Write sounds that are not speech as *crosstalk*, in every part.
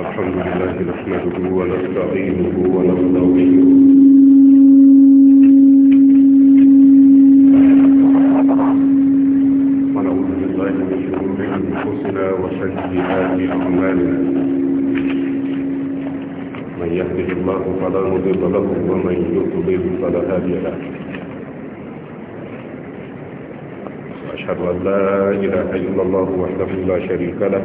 الحمد لله نحمده ونستعينه ونستغفره ونعوذ بالله من شرور انفسنا وسيئات اعمالنا من يهده الله فلا مضل له ومن يضلل فلا هادي له واشهد ان لا اله الا الله وحده لا شريك له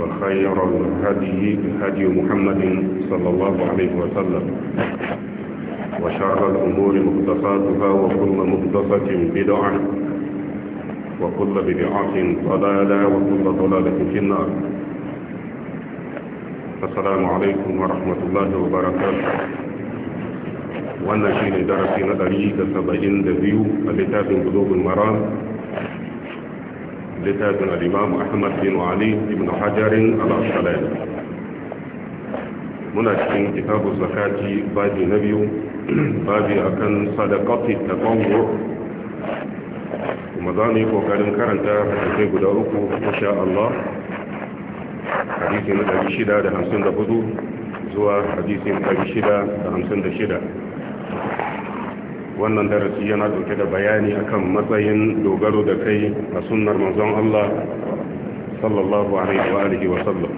وخير الهدي هدي محمد صلى الله عليه وسلم وشر الأمور مختصاتها وكل مختصة بدعة وكل بدعة ضلالة وكل ضلالة في النار السلام عليكم ورحمة الله وبركاته wannan shine darasi na 172 a littafin bulugul maram littafin al'imamu ahmad bin ali ibn hajarin al'ashalai muna cikin kitabu zakati babi na biyu *clears throat* babi akan sadakati da kwango yi kokarin karanta hadisai guda uku zuwa hadisi wannan darasi yana dauke da bayani akan matsayin dogaro da kai a sunnar manzon Allah sallallahu alaihi wa alihi wa sallam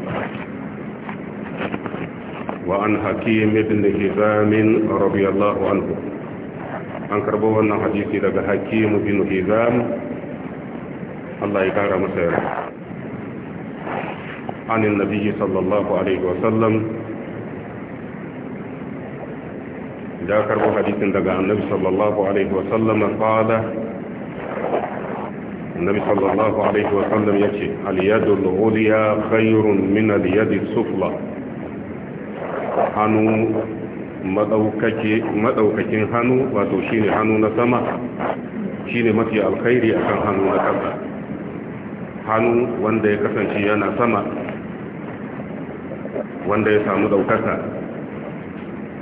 wa an hakim ibn hizam radiyallahu anhu an karbo wannan hadisi daga hakim ibn hizam Allah ya kara masa yarda An النبي صلى الله عليه وسلم ya karbo hadisin daga annabi sallallahu alaihi wa sallam qala annabi sallallahu alaihi wa yace al yadu al ulya khayrun min al yadi sufla hannu madaukake madaukakin hannu wato shine hannu na sama shine mafi alkhairi akan hannu na kasa hannu wanda ya kasance yana sama wanda ya samu daukaka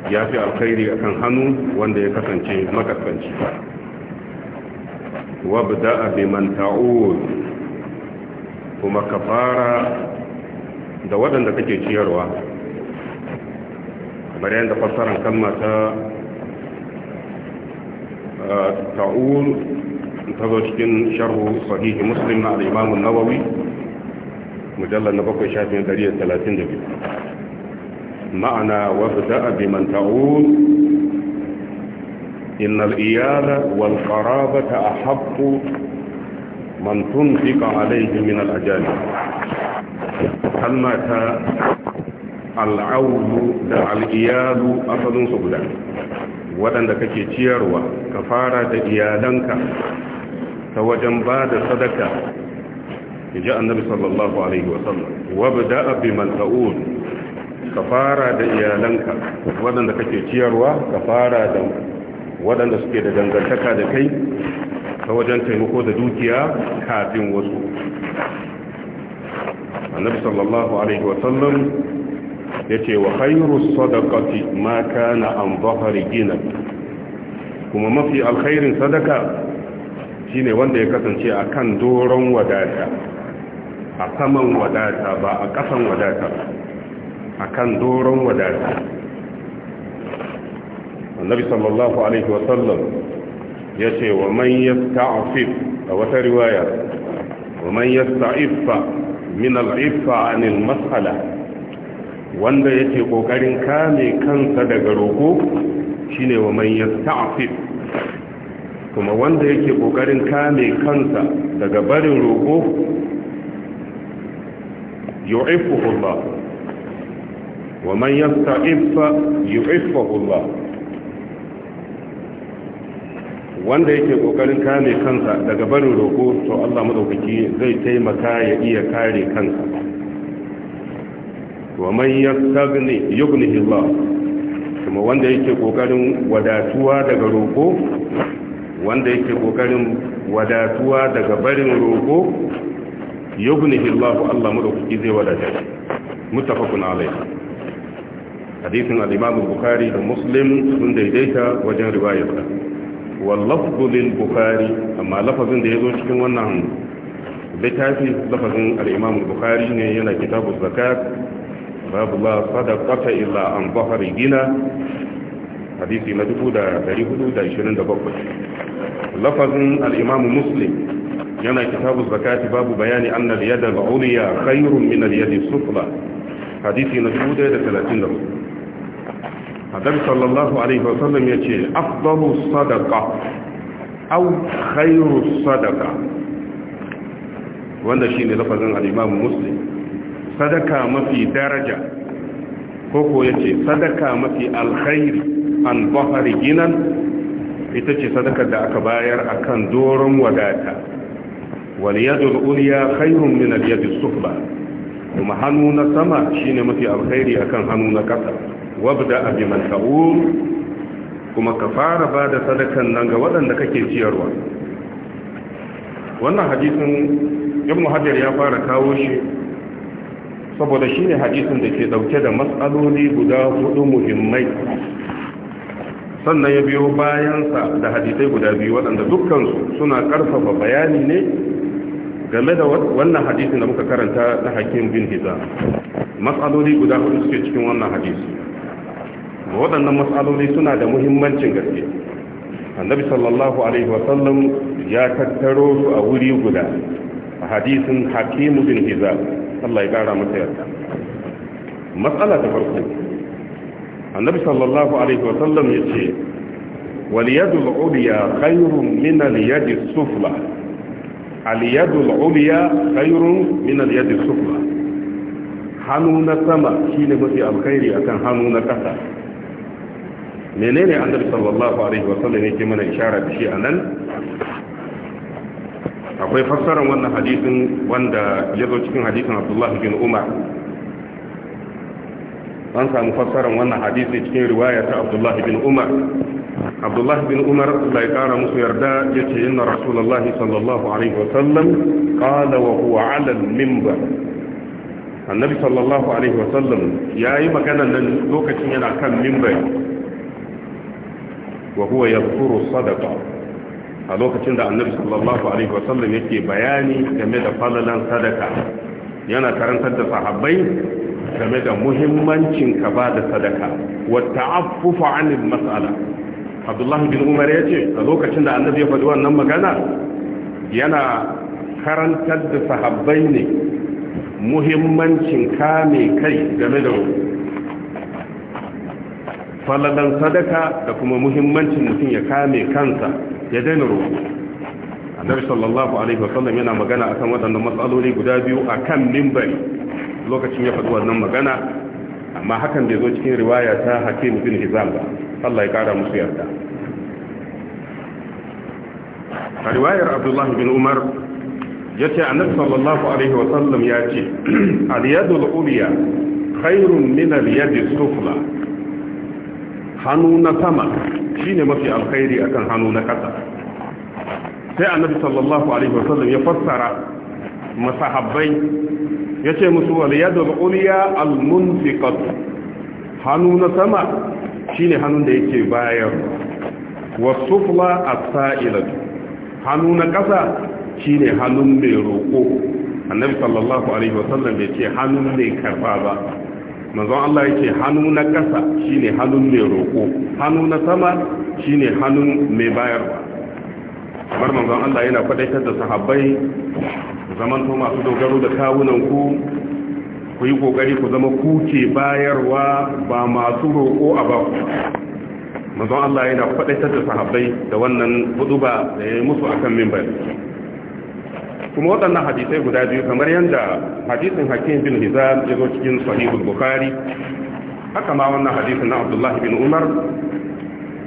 ya fi alkhairi a kan hannu wanda ya kasance makasanci wabu da abin manta'ul kuma ka fara da waɗanda kake ciyarwa kamar yadda fassarar kalma ta ta'ul ta zo cikin sharhu sahihi muslim na al'imamun nawawi mujallar na bakwai shafin 132 معنى وابدأ بمن تعود a الإيالة والقرابة أحب من تنفق عليه من الأجانب كلمة العول دع الإيال أصل guda. waɗanda kake ciyarwa ka fara da iyalanka ta wajen ba da sadaka ya ji annabi sallallahu alaihi sallam. wabda abi man ta'ud ka fara da iyalanka waɗanda kake ciyarwa ka fara da waɗanda suke da dangantaka da kai ta wajen taimako da dukiya kafin wasu annabi sallallahu alaihi wasallam ya ce wa khairu sadaqati ma kana an zahari gina kuma mafi alkhairin sadaka shine wanda ya kasance kan doron wadata a saman wadata ba a kasan wadata akan doron wadata annabi sallallahu alaihi wasallam ya ce wa man yasta'fif a wata riwaya wa man yasta'iffa min al'iffa anil mas'ala wanda yake kokarin kame kansa daga roko shine wa man yasta'fif kuma wanda yake kokarin kame kansa daga barin roko yu'iffuhu Allah wa يستعف yasta'iffa الله Allah wanda yake kokarin kame kansa daga barin roko to Allah madaukaki zai taimaka ya iya kare kansa wa man yastaghni yughnihi Allah kuma wanda yake kokarin wadatuwa daga roko wanda yake kokarin wadatuwa daga barin roko yughnihi Allah Allah madaukaki zai wadata mutafaqun alayhi hadisin al-imam bukhari da muslim sun daidaita wajen riwayar da wallafzu lil bukhari amma lafazin da yazo cikin wannan littafi lafazin al bukhari ne yana kitabu zakat babu la sadaqata illa an bahari hadisi na 427 lafazin al-imam muslim yana kitabu zakati babu bayani annal yada al-ulya khairun min sufla hadisi na annabi sallallahu alaihi wasallam ya ce afdalu sadaka, au khairu sadaka. wanda shine lafazin al-imam muslim sadaka mafi daraja koko ya ce sadaka mafi alkhairi an bahari ginan ita ce sadaka da aka bayar akan doron wadata wal yadul ulya khairun min al yadis sufla kuma hannu na sama shi ne mafi alkhairi akan hannu na ƙasa. wabda abin man kuma ka fara ba da sadakan nan ga waɗanda kake ciyarwa wannan hadisin ibn hajar ya fara kawo shi saboda shi ne hadisin da ke ɗauke da matsaloli guda hudu muhimmai sannan ya biyo bayansa da hadisai guda biyu waɗanda dukkansu suna ƙarfafa bayani ne game da wannan hadisin da muka karanta na hakim bin hiza matsaloli guda hudu suke cikin wannan hadisi waɗannan matsaloli suna da muhimmancin gaske annabi sallallahu alaihi wasallam ya tattaro su a wuri guda a hadisin hakimu bin hizab Allah ya ƙara masa yarda matsala ta farko annabi sallallahu alaihi wasallam ya ce waliyadu واليد العليا خير من اليد السفلى اليد العليا خير من اليد السفلى hannu na sama shine mafi alkhairi akan hannu na ƙasa menene annabi sallallahu alaihi wa wasallam yake mana ishara da shi anan akwai fassarar wannan hadisin wanda ya zo cikin hadisin Abdullahi bin Umar an samu fassarar wannan hadisi cikin riwaya ta Abdullah bin Umar Abdullahi bin Umar Allah ya kara musu yarda ya yace inna Rasulullah sallallahu alaihi wasallam qala wa huwa ala mimba minbar Annabi sallallahu alaihi wa sallam ya yi magana nan lokacin yana kan mimba. wa huwa yadhkuru sadaqa a lokacin da annabi sallallahu alaihi wasallam yake bayani game da falalan sadaka yana karantar da sahabai game da muhimmancin ka ba da sadaka wata ta'affufa 'anil mas'ala Abdullah bin Umar yace a lokacin da annabi ya faɗi wannan magana yana karantar da sahabbai ne muhimmancin kame kai game da falalan sadaka da kuma muhimmancin mutum ya kame kansa ya daina roƙo annabi sallallahu alaihi wasallam yana magana akan waɗannan matsaloli guda biyu akan mimbari lokacin ya faɗi wannan magana amma hakan bai zo cikin riwaya ta hakim bin hizam ba Allah ya kara musu yarda a riwayar abdullahi bin umar ya ce annabi sallallahu alaihi wasallam ya ce al-yadul uliya khairun min al sufla hannu na sama shine mafi alkhairi akan hannu na ƙasa sai annabi sallallahu alaihi wasallam ya fassara masahabbai yace musu wal yadu uliya al munfiqat hannu na sama shine hannun da yake bayar was sufla a sailat hannu na kasa shine hannun mai roko annabi sallallahu alaihi wasallam ya ce hannun mai karba ba manzon Allah yake hannu na ƙasa shine hannun mai roƙo hannu na sama shine hannun mai bayarwa kamar manzon Allah yana faɗaitar da sahabbai zaman to masu dogaro da kawunan ku ku yi kokari ku zama kuke bayarwa ba masu roƙo a ba ku manzon Allah yana faɗaitar da sahabbai da wannan huduba da ya yi musu akan mimbar kuma waɗannan hadisai guda biyu kamar yadda hadisin hakim bin hizam ya zo cikin sahihul bukhari haka ma wannan hadisin na abdullahi bin umar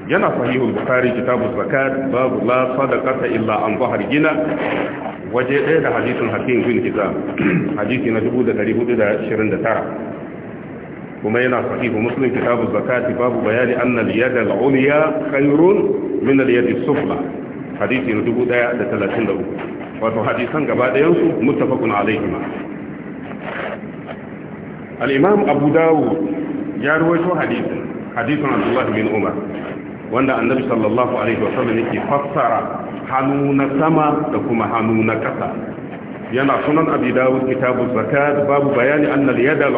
yana sahihul bukhari kitabu zakat babu la sadaqata illa an zahar gina waje ɗaya da hadisin hakim bin hizam hadisi na 1429 kuma yana sahih muslim kitabu zakat babu bayani an al-yad al-ulya khairun min al-yad as-sufla hadisi na 1033 wato hadisan gaba ɗayansu muttafaqun alaihima al-imam abu dawo ya ruwaito hadisin hadisin Abdullahi bin umar wanda annabi sallallahu alaihi wasallam yake fassara hannu na sama da kuma hannu na ƙasa yana sunan abi dawo kitabu zakat babu bayani anna yada al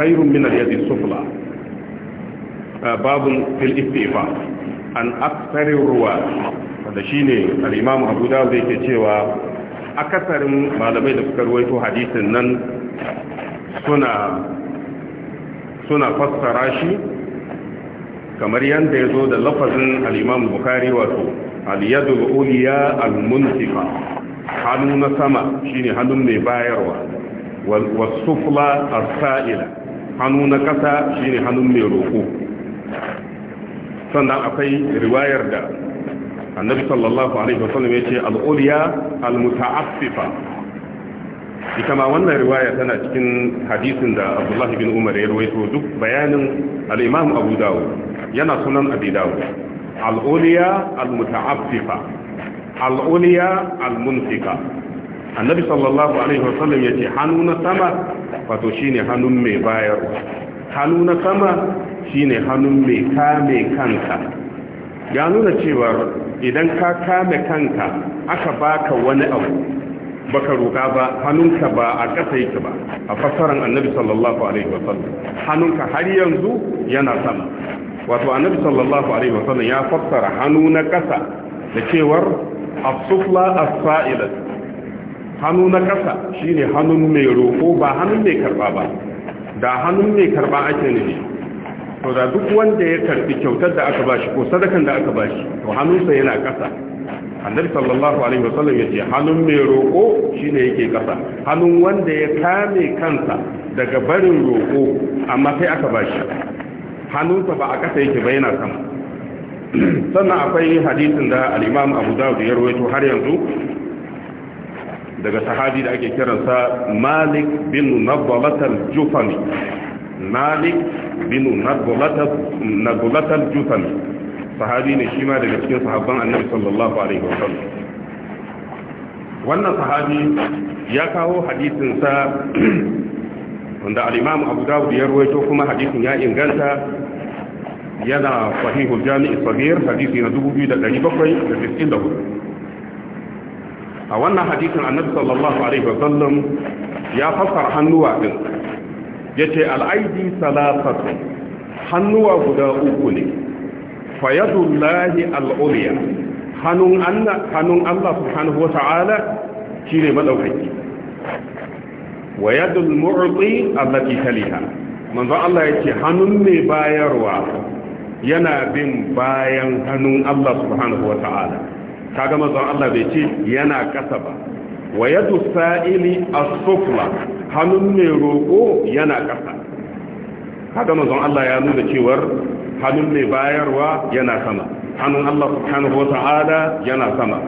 khairun min al-yadi sufla babun fil istifa an aktsari ruwa wanda shi ne al’imamu Abu zai ke cewa akasarin malamai da suka ruwaito hadisin nan suna fassara shi kamar yadda ya zo da lafazin al’imamu bukari wato aliyadu da uliya al muntifa hannu na sama shine hannun mai bayarwa wasufla sufla a saila hannu na kasa shine hannun mai roƙo, sannan akwai riwayar da annabi sallallahu alaihi wasallam ya ce ulya al-muta'affifa ita ma wannan riwaya tana cikin hadisin da Abdullahi bin Umar ya rawaito duk bayanin al-Imam Abu Dawud yana sunan Abi Dawud al-ulya al-muta'affifa al-ulya al-munfika annabi sallallahu alaihi wasallam yace hannu na sama wato shine hannun mai bayarwa hannu na sama shine hannun mai kame kanka ya nuna cewa idan ka kame kanka aka baka wani abu baka roka ba hannunka ba a ƙasa yake ba a fassaran annabi sallallahu alaihi wasallam hannunka har yanzu yana sama wato annabi sallallahu alaihi wasallam ya fassara hannu na ƙasa da cewar as-sufla as-sa'ila hannu na ƙasa shine hannun mai roko ba hannun mai karba ba da hannun mai karba ake nufi to da duk wanda ya karbi kyautar da aka bashi ko sadakan da aka bashi to hannunsa yana ƙasa annabi sallallahu alaihi wasallam yace hannun mai roƙo shine yake ƙasa hannun wanda ya kame kansa daga barin roko amma sai aka bashi hannunsa ba a ƙasa yake ba yana sama *clears throat* sannan akwai hadisin da al-Imam Abu Dawud ya rawaito har yanzu daga sahabi da ake kiransa Malik bin Nadwalat al-Jufani malik bin nagulatar jutan sahabi ne shi ma daga cikin sahabban annabi sallallahu alaihi wasallam wannan sahabi ya kawo hadisinsa *clears throat* wanda Alimam abu dawud ya ruwaito kuma hadisin ya inganta yana sahihul jami'i sabir hadisi na 2794 a wannan hadisin annabi sallallahu alaihi wasallam ya fassara hannuwa din Ya yace al'aidi salafatu hannuwa guda uku ne fayadullahi al'uliya hannun Allah hannun Allah subhanahu wata'ala shine madaukaki wa yadul mu'ti allati taliha manzo Allah ya ce hannun mai bayarwa yana bin bayan hannun Allah subhanahu wata'ala kaga manzo Allah bai ce yana ƙasa ba wa yadu sa'ili as-sufla hannun mai roƙo yana ƙasa haka manzon Allah ya nuna cewar hannun mai bayarwa yana sama hannun Allah subhanahu wa ta'ala yana sama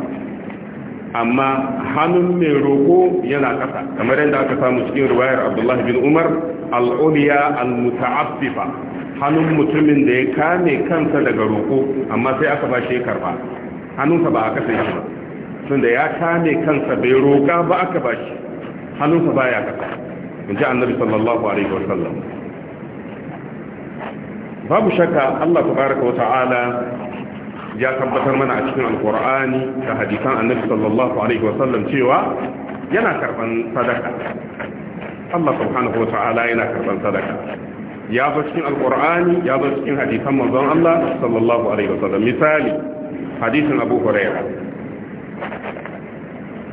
amma hannun mai roƙo yana ƙasa kamar yadda aka samu cikin riwayar Abdullahi bin Umar al'uliya al-muta'affifa hannun mutumin da ya kame kansa daga roƙo amma sai aka ba shi karba hannunsa ba aka sai shi ba tunda ya kame kansa bai roƙa ba aka ba shi hannunsa ya kasa in ji annabi sallallahu alaihi wa sallam babu shakka Allah tabaraka wa ta'ala ya tabbatar mana a cikin alkur'ani da hadisan annabi sallallahu alaihi wa sallam cewa yana karban sadaka Allah subhanahu wa ta'ala yana karban sadaka ya zo cikin alkur'ani ya zo cikin hadisan manzon Allah sallallahu alaihi wa sallam misali hadisin Abu Hurairah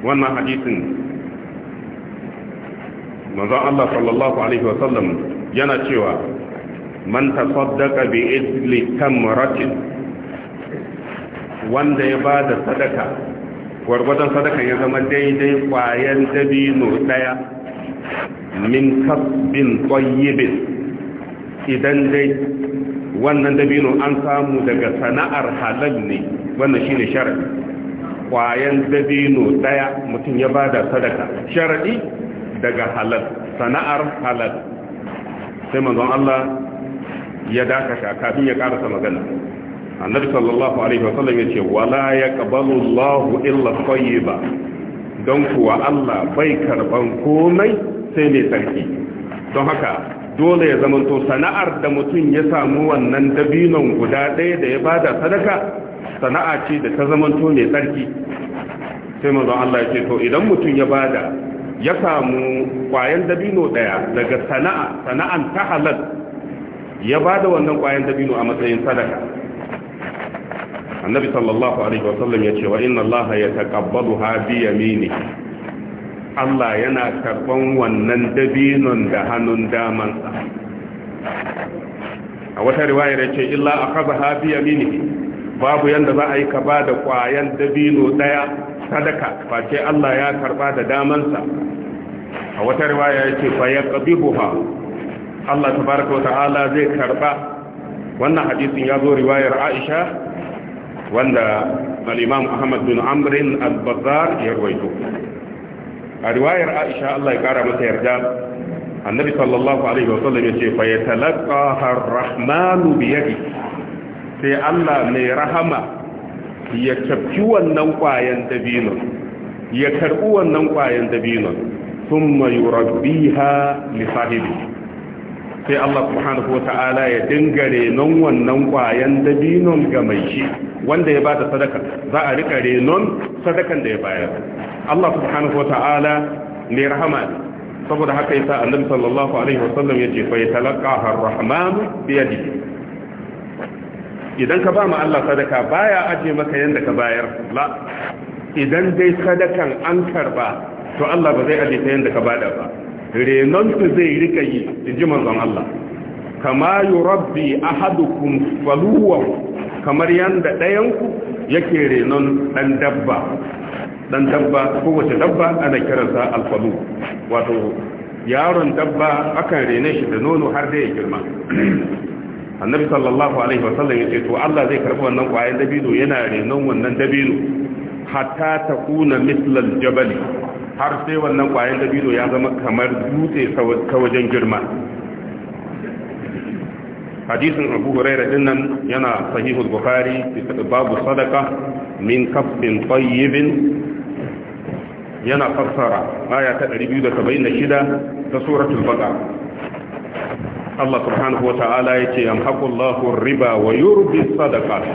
wannan hadisin manzon Allah sallallahu alaihi wa sallam yana cewa man tasaddaqa bi idli tamratin wanda ya bada sadaka gwargwadon sadakan ya zama daidai kwayan dabino daya min kasbin tayyibin idan dai wannan dabino an samu daga sana'ar halal ne wannan shine sharadi kwayan dabino daya mutum ya bada sadaka sharadi daga halal sana'ar halal sai manzon Allah ya dakata kafin ya karasa magana annabi sallallahu alaihi wasallam ya ce wala yaqbalu Allahu illa tayyiba don kuwa Allah bai karban komai sai mai sarki don haka dole ya zamanto sana'ar da mutum ya samu wannan dabinon guda ɗaya da ya bada sadaka sana'a ce da ta zamanto mai tsarki sai mazan Allah ya ce to idan mutum ya bada ya samu kwayan dabino daya daga sana'a sana'an ta halal ya ba da wannan kwayan dabino a matsayin sadaka annabi sallallahu alaihi wasallam ya ce wa inna allaha yataqabbaluha bi yamini Allah yana karban wannan dabinon da hannun damansa a wata riwaya da ce illa akhadha bi yaminihi babu yanda za a yi ka ba da kwayan dabino daya sadaka face Allah ya karba da damansa a wata riwaya ya yake fa yaqbihuha Allah ta tabaaraka ta'ala zai karba wannan hadisin ya zo riwayar Aisha wanda al-Imam Ahmad bin Amr al-Bazzar ya rawaito a riwayar Aisha Allah ya kara masa yarda annabi sallallahu alaihi wasallam ce fa talaka ar-rahmanu bi yadihi sai Allah mai rahama ya tafki wannan kwayan dabino ya karbi wannan kwayan dabino thumma yurabbiha li sahibi sai Allah subhanahu wata'ala ya dinga renon wannan kwayan dabinon ga mai shi wanda ya bada sadaka za a rika renon sadakan da ya bayar Allah subhanahu wata'ala ne rahama saboda haka yasa annabi sallallahu alaihi wasallam yace fa yatalaqaha ar-rahman bi yadihi idan ka ba ma Allah sadaka baya aje maka yanda ka bayar la idan dai sadakan an karba to Allah ba zai aje ta yanda ka bada ba renon su zai rika yi inji manzon Allah kama yurabbi ahadukum faluwa kamar yanda ɗayanku yake renon ɗan dabba ɗan dabba kowace dabba ana kiransa alfalu wato yaron dabba akan rene shi da nono har da ya girma annabi sallallahu alaihi wasallam ya ce to Allah zai karbi wannan kwayan dabino yana renon wannan dabino hatta ta kuna mislal jabali har sai wannan kwayan dabino ya zama kamar dutse ta wajen girma hadisin abu huraira din nan yana sahihul bukhari babu sadaka min kafin tayyibin yana fassara aya ta 276 ta suratul baqara Allah subhanahu wa ta'ala ya ce yamhaqullahu riba wa yurbi sadaqat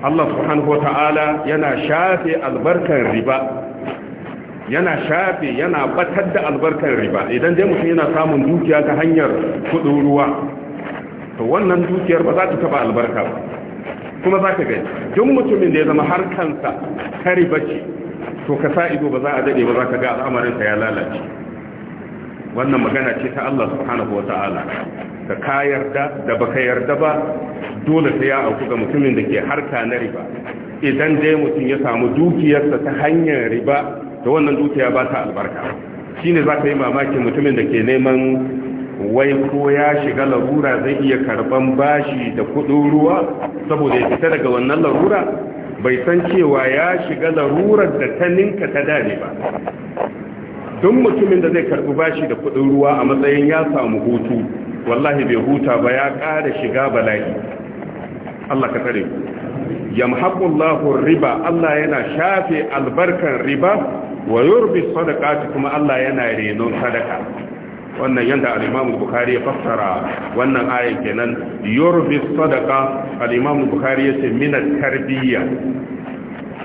Allah subhanahu wa ta'ala yana shafe albarkar riba yana shafe yana batar da albarkar riba idan dai mutum yana samun dukiya ta hanyar kudin ruwa to wannan dukiyar ba za ta taba albarka ba kuma za ka gani duk mutumin da ya zama har kansa kari riba ce to ka sa ido ba za a daɗe ba za ka ga al'amarinsa ya lalace wannan magana ce ta Allah subhanahu ta'ala da ka yarda da ba ka yarda ba dole sai ya auku ga mutumin da ke harka na riba idan dai mutum ya samu dukiyarsa ta hanyar riba da wannan dukiya ba ta albarka shine za ka yi mamakin mutumin da ke neman wai ko ya shiga larura zai iya karban bashi da kudin ruwa saboda ya fita daga wannan larura bai san cewa ya shiga larurar da ta ninka ta dade ba Don mutumin da zai karbi bashi da kudin ruwa a matsayin ya samu hutu wallahi bai huta ba ya ƙara shiga bala'i Allah ka tare yamhaqullahu riba Allah yana shafe albarkan riba wa yurbi sadaqati kuma Allah yana renon sadaka wannan yanda al-Imam Bukhari ya fassara wannan ayan kenan yurbi sadaqa al-Imam Bukhari yace min at-tarbiyya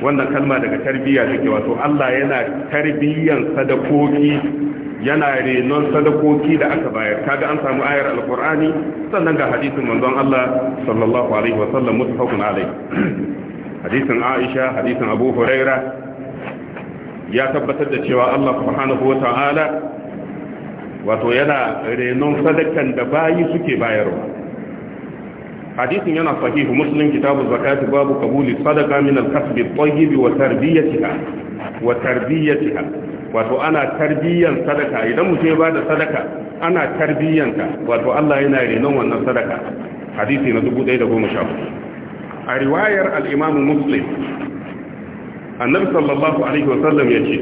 wannan kalma daga tarbiyya take wato Allah yana tarbiyyan sadakoki yana renon sadakoki da aka bayar kaga an samu ayar alqur'ani sannan ga hadisin manzon Allah sallallahu alaihi wa sallam mutafaqun alai *clears throat* hadisin Aisha hadisin Abu Huraira ya tabbatar da cewa Allah subhanahu wa ta'ala wato yana renon sadakan da bayi suke bayarwa hadisin yana sahihu muslim kitabu zakati babu qabuli sadaqa min al-kasb at-tayyib wa tarbiyatiha wa tarbiyatiha wato ana tarbiyyar sadaka idan mutum ya bada sadaka ana tarbiyyanta wato Allah yana renon wannan sadaka hadisi na 1114 a riwayar al-imam muslim annabi sallallahu alaihi wasallam yace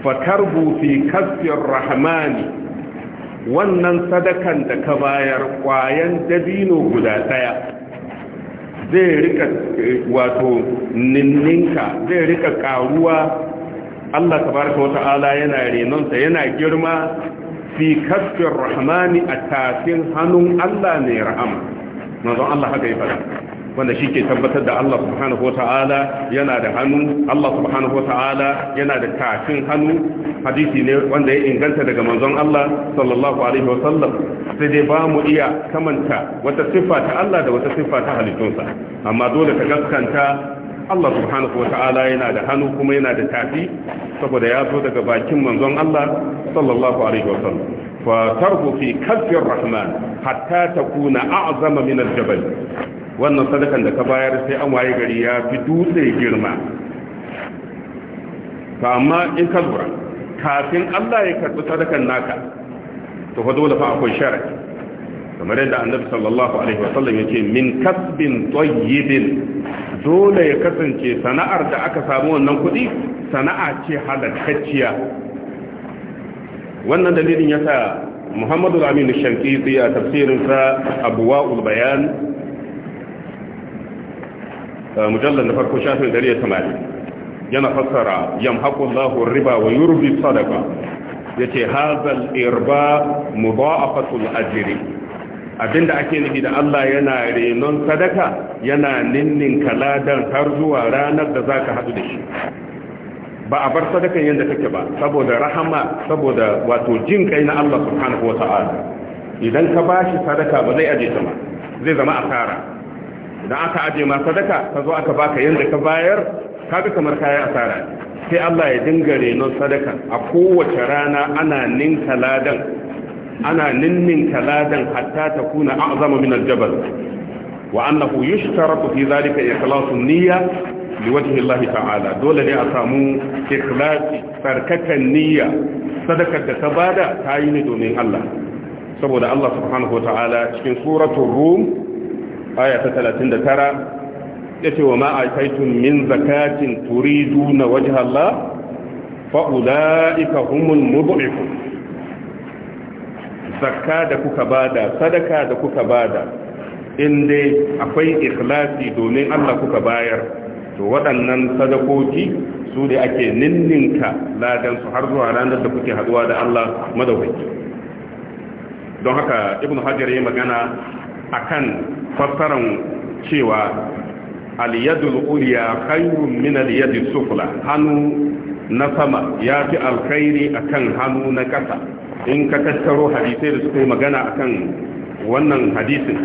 fa tarbu fi kasbi ar-rahmani wannan sadakan da ka bayar kwayan dabino guda ɗaya zai rika wato ninninka zai rika karuwa Allah tabaraka wata'ala yana renonsa yana girma fi kasfin rahmani a tafin hannun Allah ne rahama manzon Allah haka yi fara wanda shi ke tabbatar da Allah subhanahu wa ta'ala yana da hannu Allah subhanahu wa ta'ala yana da kafin hannu hadisi ne wanda ya inganta daga manzon Allah sallallahu alaihi wa sallam sai dai ba mu iya kamanta wata siffa ta Allah da wata siffa ta halittunsa amma dole ta gaskanta Allah subhanahu wa ta'ala yana da hannu kuma yana da tafi saboda ya zo daga bakin manzon Allah sallallahu alaihi wa sallam fa tarbu fi kalfin rahman hatta takuna a'zama min al-jabal wannan sadakan da ka bayar sai an waye gari ya fi dutse girma ta amma in ka kafin Allah ya karɓi sadakan naka to fa dole fa akwai sharadi kamar yadda annabi sallallahu alaihi wasallam ya ce min kasbin tayyibin dole ya kasance sana'ar da aka samu wannan kuɗi sana'a ce halakacciya wannan dalilin yasa Muhammadu Aminu Shankiti a tafsirinsa Abuwa'ul Bayan mujallar da farko shafin 180 yana fassara yamhaqullahu riba wa sadaka sadaqa yace hazal irba mudha'afatul ajri abinda ake nufi da Allah yana renon sadaka yana ninnin kaladan har zuwa ranar da zaka hadu da shi ba a bar sadakan yadda kake ba saboda rahama saboda wato jin kai na Allah subhanahu wata'ala idan ka bashi sadaka ba zai aje ta ma zai zama asara Da aka ajiye ma sadaka ta zo aka baka yanda ka bayar kaga kamar kayan asara sai Allah ya dinga renon sadaka a kowace rana ana ninka ladan ana ninninka ladan hatta ta kuna a'zama min aljabal wa annahu yushtaratu fi zalika ikhlasu niyya liwajhi Allah ta'ala dole ne a samu ikhlasi sarkakan niyya sadakar da ta bada ta yi ne domin Allah saboda Allah subhanahu wa ta'ala cikin suratul rum aya ta talatin da 39 yace wa ma aitaitum min zakatin turiduna wajha Allah fa humun humul zakka da kuka bada sadaka da kuka bada in dai akwai ikhlasi domin Allah kuka bayar to waɗannan sadakoki su da ake ninninka ladan su har zuwa ranar da kuke haduwa da Allah madawaci don haka ibn hajar ya magana akan fassaran cewa aliyadul uliya khairun min aliyadis sufla hannu na sama ya fi alkhairi akan hannu na ƙasa in ka tattaro hadisai da suka yi magana akan wannan hadisin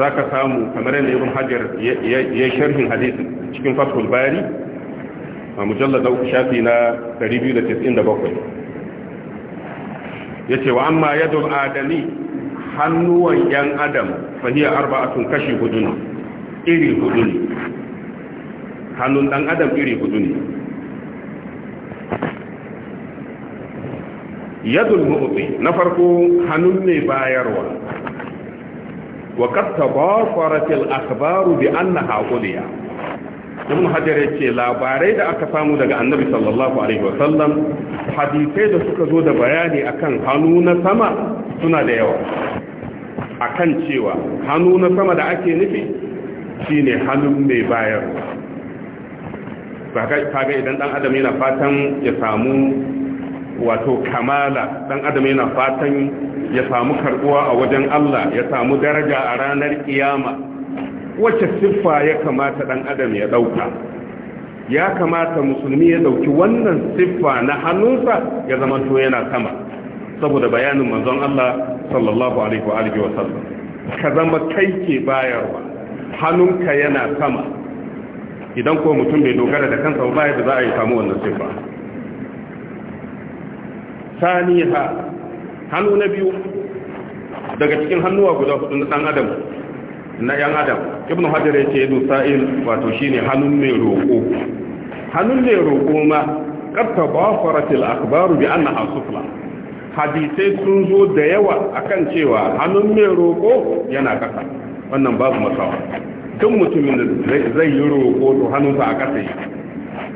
za ka samu kamar yadda ibn hajar ya sharhin hadisin cikin fathul bari a mujallar dauku shafi na 297 ya ce wa amma yadul adami hannuwan yan adam fahiyar arba'atun kashi hudu ne iri hudu ne hannun ɗan adam iri hudu ne yadul mu'ti na farko hannun ne bayarwa wa qad tabafarat al akhbar bi annaha quliya ibn hajar yace labarai da aka samu daga annabi sallallahu alaihi wasallam hadisai da suka zo da bayani akan hannu na sama suna da yawa a kan cewa hannu na sama da ake nufi shine hannun mai bayar kaga idan dan adam yana fatan ya samu wato kamala dan adam yana fatan ya samu karbuwa a wajen Allah ya samu daraja a ranar kiyama wacce siffa ya kamata dan adam ya dauka ya kamata musulmi ya dauki wannan siffa na hannunsa ya zama to yana sama saboda bayanin manzon Allah sallallahu alaihi wa alihi wa sallam ka zama kai ke bayarwa hannunka yana sama idan ko mutum bai dogara da kansa ba yadda za a yi samu wannan sifa saniha hannu na biyu daga cikin hannuwa guda hudu na dan adam na yan adam ibnu hajar yace yadu sa'il wato shine hannun mai roko hannun mai roko ma qad tabafaratil akhbaru bi anna asfala hadisai sun zo da yawa akan cewa hannun mai roƙo yana ƙasa wannan babu masawa duk mutumin da zai yi roƙo to hannunsa a ƙasa yi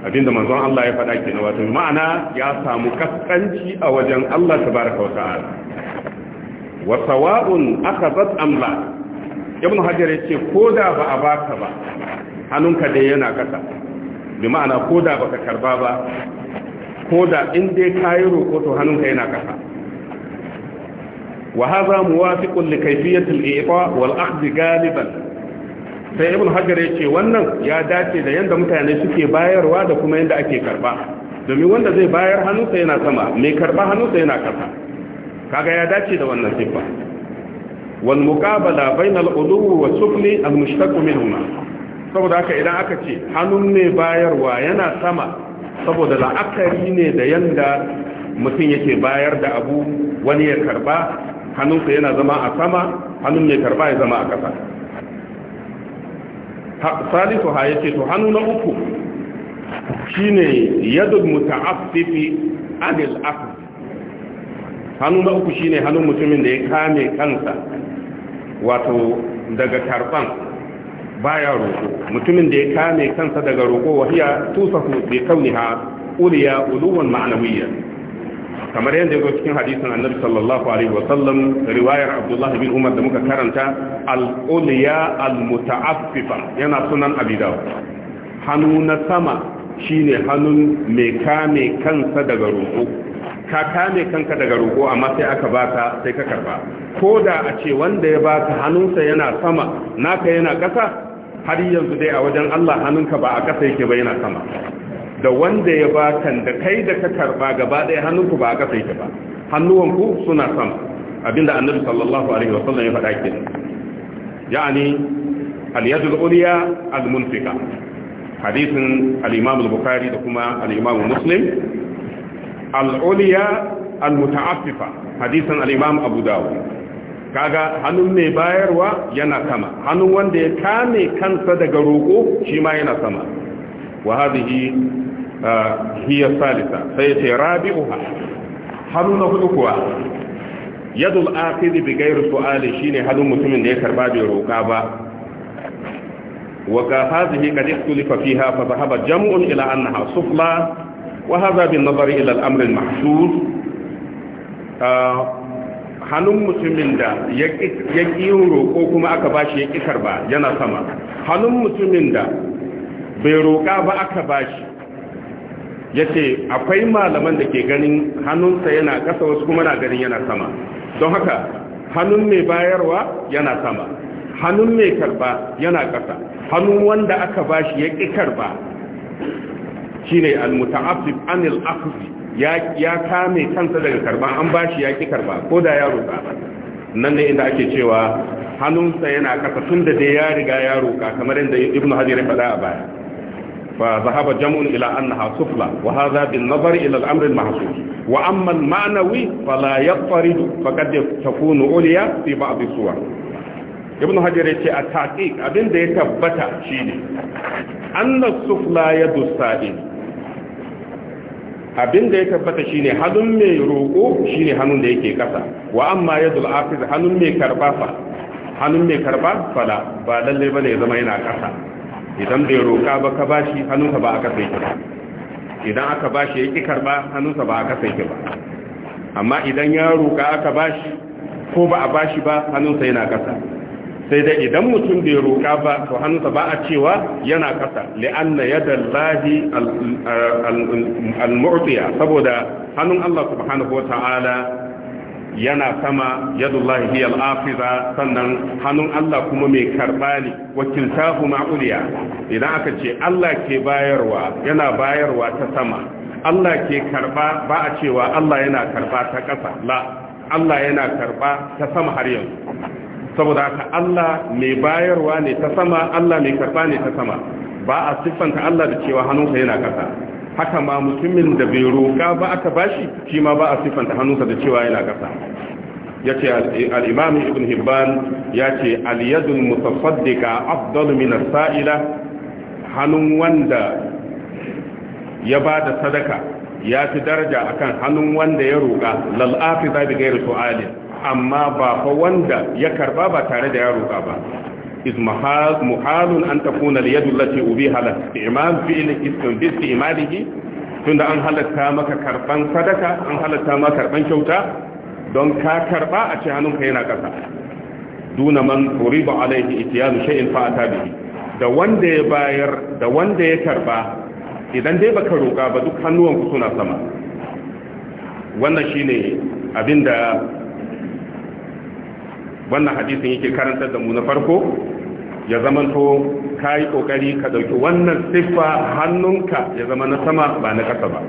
abinda manzon Allah ya faɗa na wata ma'ana ya samu kaskanci a wajen Allah tabaraka wa ta'ala wa sawa'un akhadhat am la ibn hajar ko da ba a baka ba hannunka dai yana ƙasa bi ma'ana ko ba baka karba ba ko da in dai kayi roƙo to hannunka yana ƙasa wa haza muwafiqun li kayfiyati al-iqa wal akhdh galiban sai ibn hajar yace wannan ya dace da yanda mutane suke bayarwa da kuma yanda ake karba domin wanda zai bayar hannunsa yana sama mai karba hannunsa yana ƙasa kaga ya dace da wannan sifa wal muqabala al ulwi wa sufli al mushtaq minhuma saboda haka idan aka ce hannun mai bayarwa yana sama saboda la'akari ne da yanda mutum yake bayar da abu wani ya karba hannunsa yana zama a sama hannun mai karba ya zama a ƙasa salisu ha yace to hannu na uku shine yadul muta'affifi anil afu hannu na uku shine hannun mutumin da ya kame kansa wato daga karban baya roƙo mutumin da ya kame kansa daga roƙo wahiya tusafu bi kauniha uliya uluwan ma'anawiyya kamar yadda zo cikin hadisin annabi sallallahu alaihi wa sallam riwayar abdullah bin umar da muka karanta al al-muta'affifa yana sunan abidaw hannu na sama shine hannun mai kame kansa daga roƙo ka kame kanka daga roƙo amma sai aka baka sai ka karba ko da a ce wanda ya baka hannunsa yana sama naka yana ƙasa har yanzu dai a wajen Allah hannunka ba a ƙasa yake ba yana sama da wanda ya ba kan da kai da ka karba gaba ɗaya hannunku ba a ƙasa yake ba hannuwanku suna sama abinda annabi sallallahu alaihi wa sallam ya faɗa ke ya'ani al-yadul ulya al-munfika hadisin al-imam al-bukhari da kuma al-imam muslim al-ulya al-muta'affifa hadisin al-imam abu dawud kaga hannun mai bayarwa yana sama hannun wanda ya kame kansa daga roƙo shi ma yana sama wa hadhihi ah, hiya salisa sai ce rabi'uha hannu na hudu kuwa yadul akhidhi bi ghairi su'ali shine hannun mutumin da ya karba bai roƙa ba wa ka hadhihi qad ikhtulifa fiha fa dhahaba jam'un ila annaha sufla wa hadha bin nazari ila al-amr al-mahsus ah, hannun mutumin da ya ƙi roƙo kuma aka ba shi ya ƙi karba yana sama hannun mutumin da bai roƙa ba aka ba shi ya ce akwai malaman da ke ganin hannunsa yana ƙasa wasu kuma na ganin yana sama don haka hannun mai bayarwa yana sama hannun mai karba yana ƙasa hannun wanda aka ba shi ya ƙi karba shi ne al-muta'affif anil akhzi ya kame kansa daga karba an bashi ya ki karba ko da ya roƙa nan ne inda ake cewa hannunsa yana ƙasa tun da dai ya riga yaro ka kamar yadda ibnu hajar ya faɗa a baya fa zahaba jam'un ila annaha sufla wa hadha bin nazar ila al-amr al-mahsus wa amma al-ma'nawi fala yaqtarid faqad takunu uliya fi ba'd suwar ibnu hajar yace a taqiq abin da ya tabbata shine anna sufla yadu sa'in abin da ya tabbata shine hannun mai roƙo shine hannun da yake kasa wa amma yadul afiz hannun mai karba fa hannun mai karba fala ba lalle bane ya zama yana kasa idan bai roƙa ba ka bashi hannunsa ba aka sai ba idan aka bashi yake karba hannunsa ba aka sai ba amma idan ya roƙa aka bashi ko ba a bashi ba sa yana kasa sai dai idan mutum bai roƙa ba to hannunsa ba a cewa yana ƙasa li'anna yadallahi al-mu'tiya saboda hannun Allah subhanahu wata'ala yana sama yadullahi hiya al-afiza sannan hannun Allah kuma mai karba ne wakiltahu ma'uliya idan aka ce Allah ke bayarwa yana bayarwa ta sama Allah ke karba ba a cewa Allah yana karba ta ƙasa la Allah yana karba ta sama har yanzu saboda haka Allah mai bayarwa ne ta sama Allah mai karba ne ta sama ba a siffanta Allah da cewa hannunsa yana kasa haka ma mutumin da bai roƙa ba aka bashi shi ma ba a siffanta hannunsa da cewa yana kasa yace al-Imam Ibn Hibban yace al-yadul mutasaddiqa afdalu min as-sa'ila hannun wanda ya ba da sadaka ya fi daraja akan hannun wanda ya roƙa lal'afi za bi gairu su'alin amma ba fa wanda ya karba ba tare da ya ba iz muhalun an takuna liyadu lati ubiha la iman fi'l istimalihi tunda an halatta maka karban sadaka an halatta maka karban kyauta don ka karba a ce hannunka yana kasa duna man uriba alaihi itiyanu shay'in fa atabihi da wanda ya bayar da wanda ya karba idan dai baka roka ba duk hannuwanku suna sama wannan shine abinda wannan hadisin yake karantar da mu na farko ya zamanto ka yi ƙoƙari ka ɗauki wannan siffa hannunka ya zama na sama ba na ƙasa ba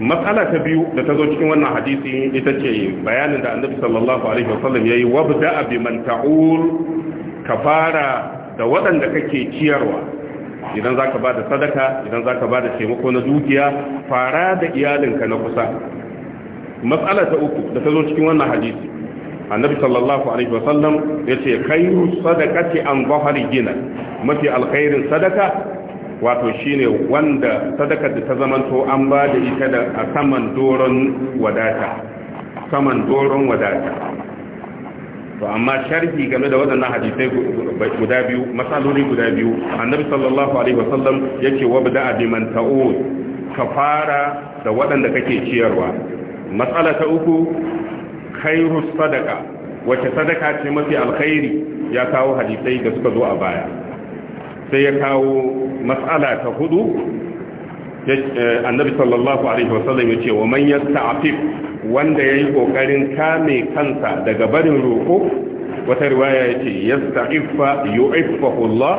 matsala ta biyu da ta zo cikin wannan hadisi ita ce bayanin da annabi sallallahu alaihi wasallam yayi wabda bi man ta'ul ka fara da waɗanda kake ciyarwa idan zaka bada sadaka idan zaka bada taimako na dukiya fara da iyalinka na kusa matsala ta uku da ta zo cikin wannan hadisi annabi sallallahu alaihi wa sallam ya ce khairu sadaqati an zahari gina mafi alkhairin sadaka wato shine wanda sadaka da ta zamanto an ba da ita da a saman doron wadata saman doron wadata to amma sharhi game da waɗannan hadisai guda biyu matsaloli guda biyu annabi sallallahu alaihi wa wasallam yake wabda bi man ta'ud ka fara da waɗanda kake ciyarwa matsala ta uku khairu sadaka wace sadaka ce mafi alkhairi ya kawo hadisai da suka zo a baya sai ya kawo mas'ala ta hudu eh, annabi sallallahu alaihi wasallam ya ce wa man yasta'fif wanda yayi kokarin kame kansa daga barin roko wata riwaya yace yasta'iffa yu'iffahu Allah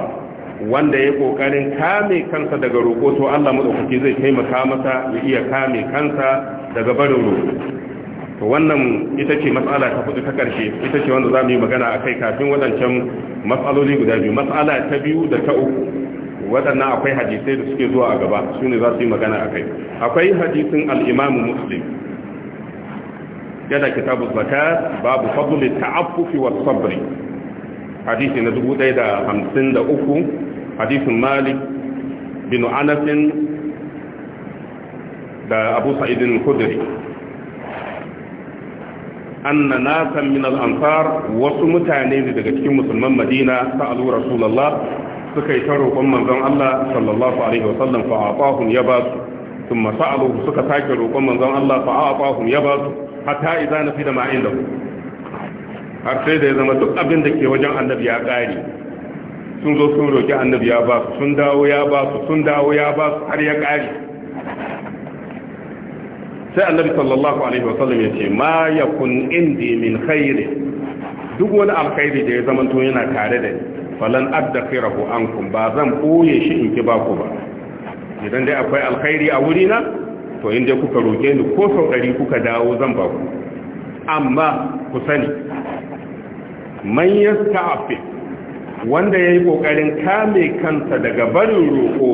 wanda yayi kokarin kame kansa daga roko to Allah madaukaki zai taimaka masa ya iya kame kansa daga barin roko to wannan ita ce matsala ta hudu ta karshe ita ce wanda za mu yi magana a kai kafin waɗancan matsaloli guda biyu matsala ta biyu da ta uku waɗannan akwai hadisai da suke zuwa a gaba su ne za su yi magana a kai akwai hadisin al'imamu muslim yana kitabu zaka babu fadlin ta'affufi wa sabri hadisi na da da uku, hadisin malik bin Anasin, da abu sa'id Kudiri. anna nasan min al-ansar wasu mutane ne daga cikin musulman Madina sa'alu Rasulullah suka yi taro roƙon manzon Allah sallallahu alaihi wasallam fa atahum ya ba su thumma sa'alu suka sake roƙon manzon Allah fa atahum ya ba su hatta idza nafida ma inda har sai da ya zama duk abin da ke wajen annabi ya ƙare sun zo sun roƙi annabi ya ba su sun dawo ya ba su sun dawo ya ba su har ya ƙari. sai annabi sallallahu alaihi wasallam ya ce ma yakun indi min khairi duk wani alkhairi da ya zamanto yana tare da ni falan addakhirahu ankum ba zan boye shi in ki ba ku ba idan dai akwai alkhairi a wuri na to in kuka roke ni ko sau ɗari kuka dawo zan ba ku amma ku sani man yasta'fi wanda yayi kokarin kame kansa daga barin roko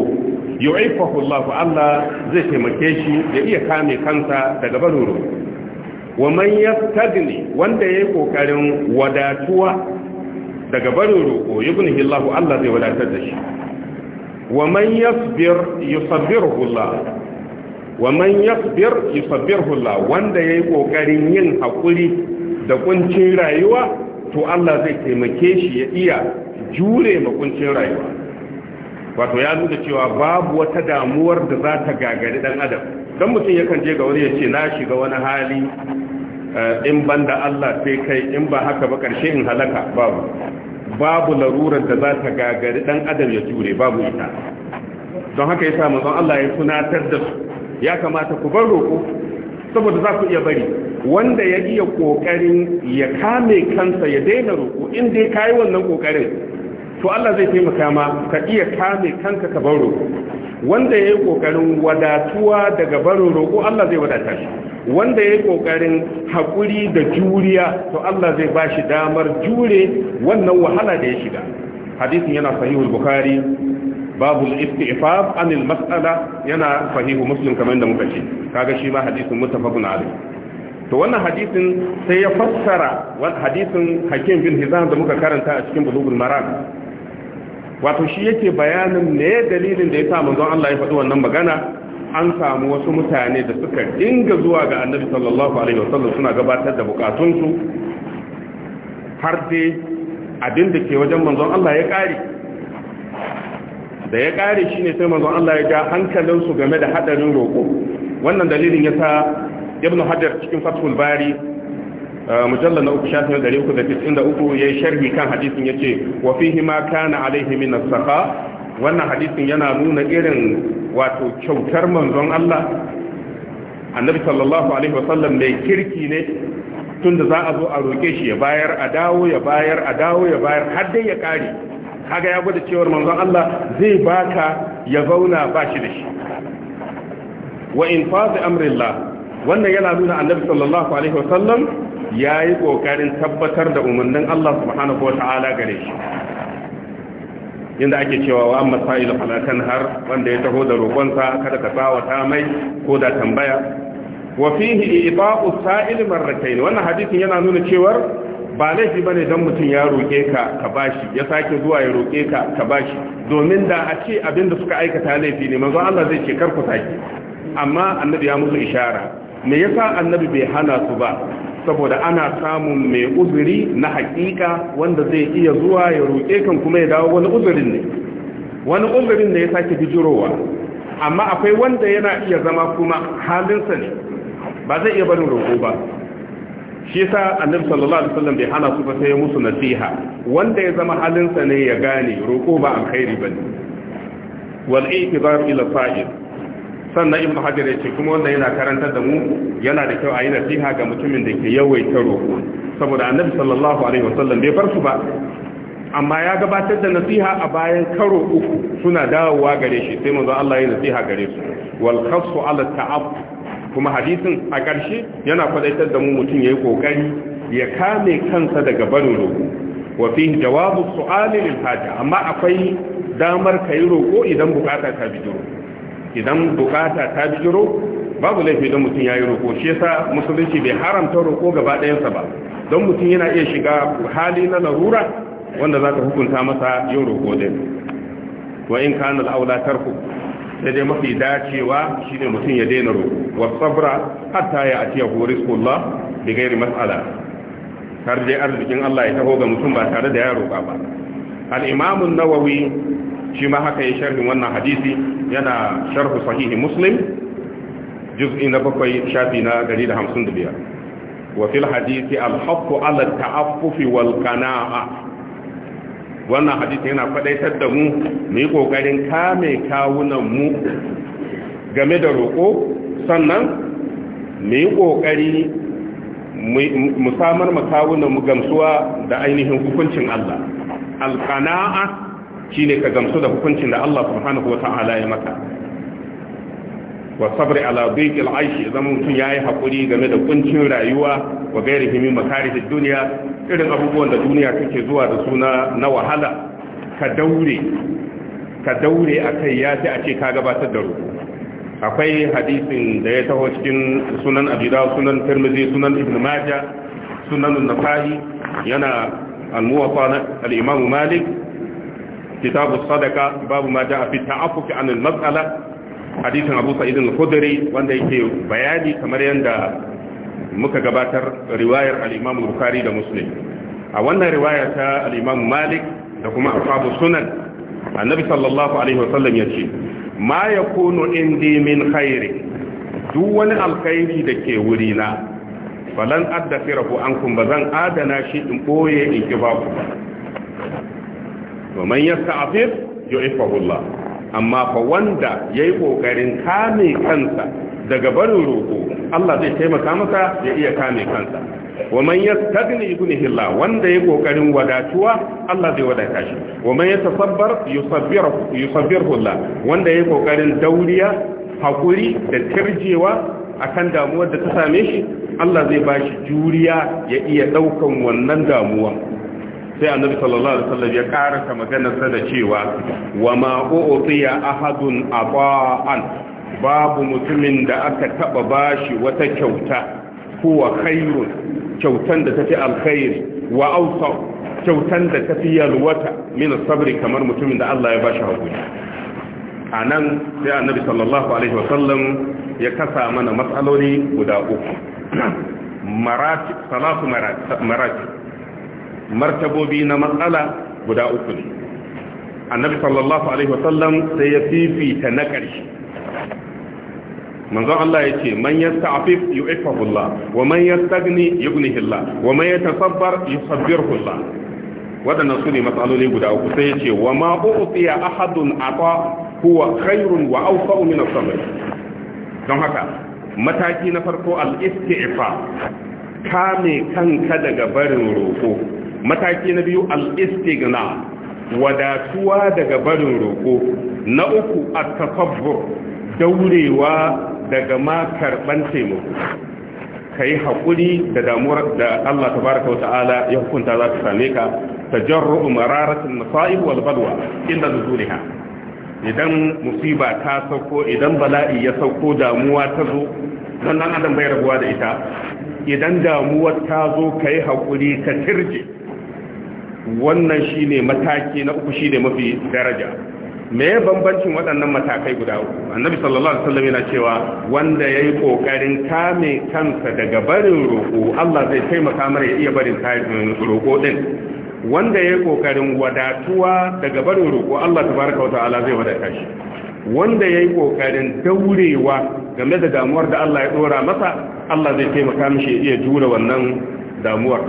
yu'ifahu Allah Allah zai taimake shi ya iya kame kansa daga baruru wa man yastagni wanda yake kokarin wadatuwa daga baruru ko yubnihi Allah Allah zai wadatar da shi wa man yasbir yusabbiruhu Allah wa man yasbir yusabbirhu Allah wanda yake kokarin yin hakuri da kuncin rayuwa to Allah zai taimake shi ya iya jure makuncin rayuwa wato ya nuna cewa babu wata damuwar da za ta gagari dan adam dan mutum yakan je ga wani ya ce na shiga wani hali eh, in ban da Allah sai kai in ba haka ba karshe in halaka babu babu larurar da za ta gagari dan adam ya jure babu ita don haka yasa don Allah ya tunatar da su ya kamata ku bar roƙo saboda za ku iya bari wanda ya iya kokarin ya kame kansa ya daina roƙo in dai kai wannan kokarin to Allah zai taimaka ma ka iya kame kanka ka baro roƙo wanda yayi kokarin wadatuwa daga baro roƙo Allah zai wadatar wanda yayi kokarin hakuri da juriya to Allah zai bashi damar jure wannan wahala da ya shiga hadisin yana sahihul bukhari babu al-istifab an al-mas'ala yana sahihu muslim kamar da muka ce kaga shi ma hadisin muttafaqun alayh to wannan hadisin sai ya fassara wannan hadisin hakim bin hizam da muka karanta a cikin bulugul maram wato shi yake bayanin ne dalilin da ya sa manzon Allah ya faɗi wannan magana an samu wasu mutane da suka dinga zuwa ga annabi sallallahu alaihi wasallam suna gabatar da bukatunsu har dai abin da ke wajen manzon Allah ya kare da ya kare shine sai manzon Allah ya ja hankalinsu game da hadarin roƙo wannan dalilin ya yasa ibnu hajar cikin fathul bari mujalla na uku shafin ɗari uku da uku ya yi sharhi kan hadisin ya ce wa fihi ma kana alaihi min saka wannan hadisin yana nuna irin wato kyautar manzon Allah annabi sallallahu alaihi wasallam mai kirki ne tun da za a zo a roke shi ya bayar a dawo ya bayar a dawo ya bayar har dai ya kare kaga ya gwada cewar manzon Allah zai baka ya zauna ba shi da shi wa in fazi amrillah wannan yana nuna annabi sallallahu alaihi wasallam ya yi ƙoƙarin tabbatar da umarnin Allah subhanahu wa gare shi inda ake cewa wa amma sa'ilu falatan har wanda ya taho da roƙonsa kada ka ta mai ko da tambaya wa fihi ilimin sa'il marratayn wannan hadisin yana nuna cewa ba laifi bane dan mutum ya roƙe ka ka bashi ya sake zuwa ya roke ka ka bashi domin da a ce abinda suka aikata laifi ne manzo Allah zai ce kar ku sake amma annabi ya musu ishara me yasa annabi bai hana su ba saboda ana samun mai uzuri na hakika wanda zai iya zuwa ya roƙe kan kuma ya dawo wani uzurin ne wani uzurin ne ya sake bijirowa amma akwai wanda yana iya zama kuma halinsa ne ba zai iya barin roƙo ba shi yasa annabi sallallahu alaihi wasallam bai hana su ba sai ya musu nasiha wanda ya zama halinsa ne ya gane roƙo ba alkhairi bane wal i'tibar ila fa'il sannan ibn hajar ya ce kuma wanda yana karantar da mu yana da kyau a yi nasiha ga mutumin da ke yawaita roƙo saboda annabi sallallahu alaihi wasallam bai bar su ba amma ya gabatar da nasiha a bayan karo uku suna dawowa gare shi sai manzo Allah ya nasiha gare su wal khassu ala ta'ab kuma hadisin a ƙarshe yana kwadaitar da mu mutum yayi kokari ya kame kansa daga barin roƙo wa fi jawabu su'ali lil haja amma akwai damar kai roƙo idan bukata ta bijiro idan bukata ta jiro babu laifi don mutum ya yi roƙo shi yasa musulunci bai haramta roƙo gaba ɗayansa ba don mutum yana iya shiga hali na larura wanda za ta hukunta masa yin roƙo din wa in kana al'aula tarku sai dai mafi dacewa shine mutum ya daina roƙo wa sabra hatta ya tiya hori rizqullah bi gairi matsala kar dai arzikin Allah ya taho ga mutum ba tare da ya roƙa ba al nawawi shi ma haka ya sharhin wannan hadisi yana sharhu sahihi muslim juz'i na bakwai shafi na 155 wa fil hadisi alhaqqu ala ta'affufi wal qana'a wannan hadisi yana fadaitar da mu mu yi kokarin kame kawunan mu game da roko sannan mu yi kokari mu samar kawunan mu gamsuwa da ainihin hukuncin Allah al-qana'a shine ka gamsu da hukuncin da Allah subhanahu wata'ala ya maka wa sabri ala dhiqil aishi idan mutum yayi hakuri game da kuncin rayuwa wa gairihi min makarihid dunya irin abubuwan da duniya take zuwa da suna na wahala ka daure ka daure akai ya sai a ce ka gabatar da ruku akwai hadisin da ya taho cikin sunan abidaw sunan tirmidhi sunan ibn majah sunan an-nasa'i yana al-muwatta al-imam malik kitabu sadaka babu ma a fita ta'affuki anil mas'ala hadisin Abu Sa'id al-Khudri wanda yake bayani kamar yadda muka gabatar riwayar al da Muslim a wannan riwayar ta al Malik da kuma ashabu sunan annabi sallallahu alaihi wasallam yace ma yakunu indi min khairi duk wani alkhairi da ke wuri na falan addafirahu ba zan adana shi in ɓoye in ki baku. ba wa man yasta'fif yu'iffahu Allah amma fa wanda yayi kokarin kame kansa daga barin roƙo Allah zai taimaka masa ya iya kame kansa wa man yastagni ibnihi Allah wanda yayi kokarin wadatuwa Allah zai wadata shi wa man yatasabbar yusabbiru yusabbiru Allah wanda yayi kokarin dauriya hakuri da tirjewa akan damuwar da ta same shi Allah zai ba shi juriya ya iya daukan wannan damuwa sai annabi sallallahu alaihi wasallam ya karanta maganar sa da cewa wa ma u'tiya ahadun aba'an babu mutumin da aka taba bashi wata kyauta huwa khairun kyautan da tafi alkhairi wa awsa kyautan da tafi yalwata min sabri kamar mutumin da Allah ya bashi hakuri anan sai annabi sallallahu alaihi wasallam ya kasa mana matsaloli guda uku *clears throat* marati salatu marati martabobi na matsala guda uku ne annabi sallallahu alaihi wasallam sai ya fifita na ƙarshe manzon Allah ya ce man ya yu'iffahu Allah wa man ya yughnihi Allah wa man yatasabbar yusabbirhu Allah wadannan su ne matsaloli guda uku sai ya ce wa ma u'tiya ahadun ata huwa khairun wa awsa'u min as-sabr don haka mataki na farko al-isti'fa kame kanka daga barin roko mataki na biyu al-istighna wadatuwa daga barin roko na uku at-tafabbur daurewa daga ma karban taimako kai hakuri da damuwar da Allah tabaraka wa ta'ala ya hukunta za ta same ka tajarru mararatin masa'ib wal badwa inda nuzulha idan musiba ta sauko idan bala'i ya sauko damuwa ta zo sannan adam bai rabuwa da ita idan damuwa ta zo ka yi haƙuri ka cirje wannan shi ne mataki na uku shi ne mafi daraja me ya bambancin waɗannan matakai guda uku annabi sallallahu alaihi wasallam yana cewa wanda yayi kokarin kame kansa daga barin roƙo, Allah zai taimaka mara ya iya barin mm, roƙo din wanda yayi kokarin wadatuwa daga barin roƙo, Allah tabaaraka wataala zai wadata shi wanda yayi kokarin daurewa game da damuwar da Allah ya dora masa Allah zai taimaka mishi ya iya jure wannan damuwar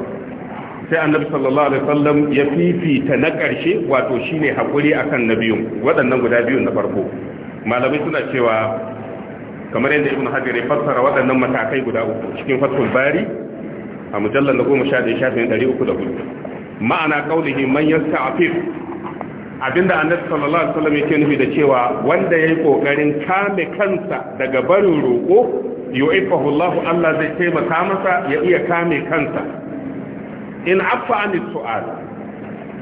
sai annabi sallallahu alaihi wasallam ya fifita na ƙarshe wato shine hakuri akan na biyun waɗannan guda biyun na farko malamai suna cewa kamar yadda ibnu hajar ya fassara waɗannan matakai guda uku cikin fathul bari a mujallal na goma sha ɗaya shafin ɗari uku da hudu ma'ana kaulihi man yasta'fif abinda annabi sallallahu alaihi wasallam yake nufi da cewa wanda yayi kokarin kame kansa daga barin roƙo yu'ifahu Allah Allah zai taimaka masa ya iya kame kansa in afa an su'al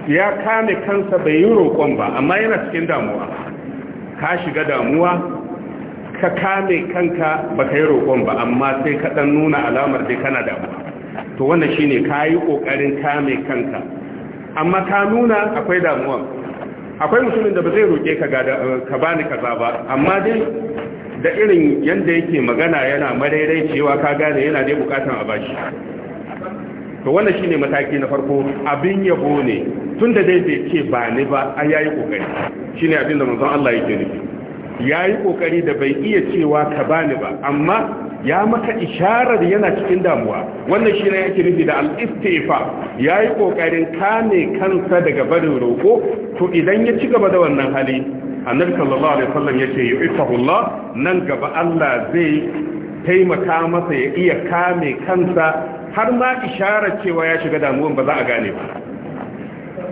ya kame kansa bai yi roƙon ba amma yana cikin damuwa ka shiga damuwa ka kame kanka ba ka yi roƙon ba amma sai ka ɗan nuna alamar dai kana damuwa to wannan shine ka yi ƙoƙarin kame kanka amma ka nuna akwai damuwa akwai mutumin da ba zai roƙe ka ka bani kaza ba amma dai da irin yanda yake magana yana cewa ka gane yana dai bukatan a bashi to wannan shine mataki na farko abin yabo ne tunda dai bai ce ba ni ba a yayi kokari shine abin da manzon Allah yake nufi yayi kokari da bai iya cewa ka bani ba amma ya maka isharar yana cikin damuwa wannan shine yake nufi da al-istifa yayi kokarin kame kansa daga barin roko to idan ya ci gaba da wannan hali annabi sallallahu alaihi wasallam yace yu'ifahu Allah nan gaba Allah zai taimaka masa ya iya kame kansa har ma isharar cewa ya shiga damuwan ba za a gane ba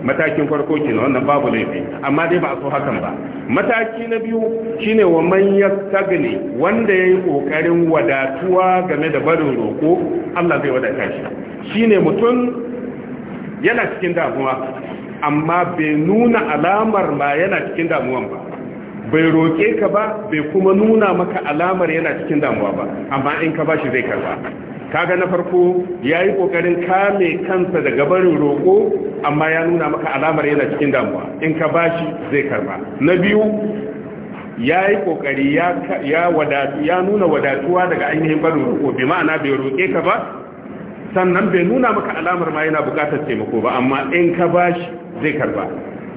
matakin farko ke wannan babu laifi amma dai ba a so hakan ba mataki na biyu shine wa manyan tagani wanda ya yi kokarin wadatuwa game da barin roƙo Allah zai wadata shi shine mutum yana cikin damuwa amma bai nuna alamar ma yana cikin damuwan ba bai roƙe ka ba bai kuma nuna maka alamar yana cikin damuwa ba amma in ka ba shi zai karba kaga na farko ya yi ƙoƙarin kame kansa daga barin roƙo amma ya nuna maka alamar yana cikin damuwa in ka bashi zai karba na biyu ya yi ƙoƙari ya nuna wadatuwa daga ainihin barin roƙo bi ma'ana bai roƙe ka ba sannan bai nuna maka alamar ma yana buƙatar taimako ba amma in ka bashi zai karba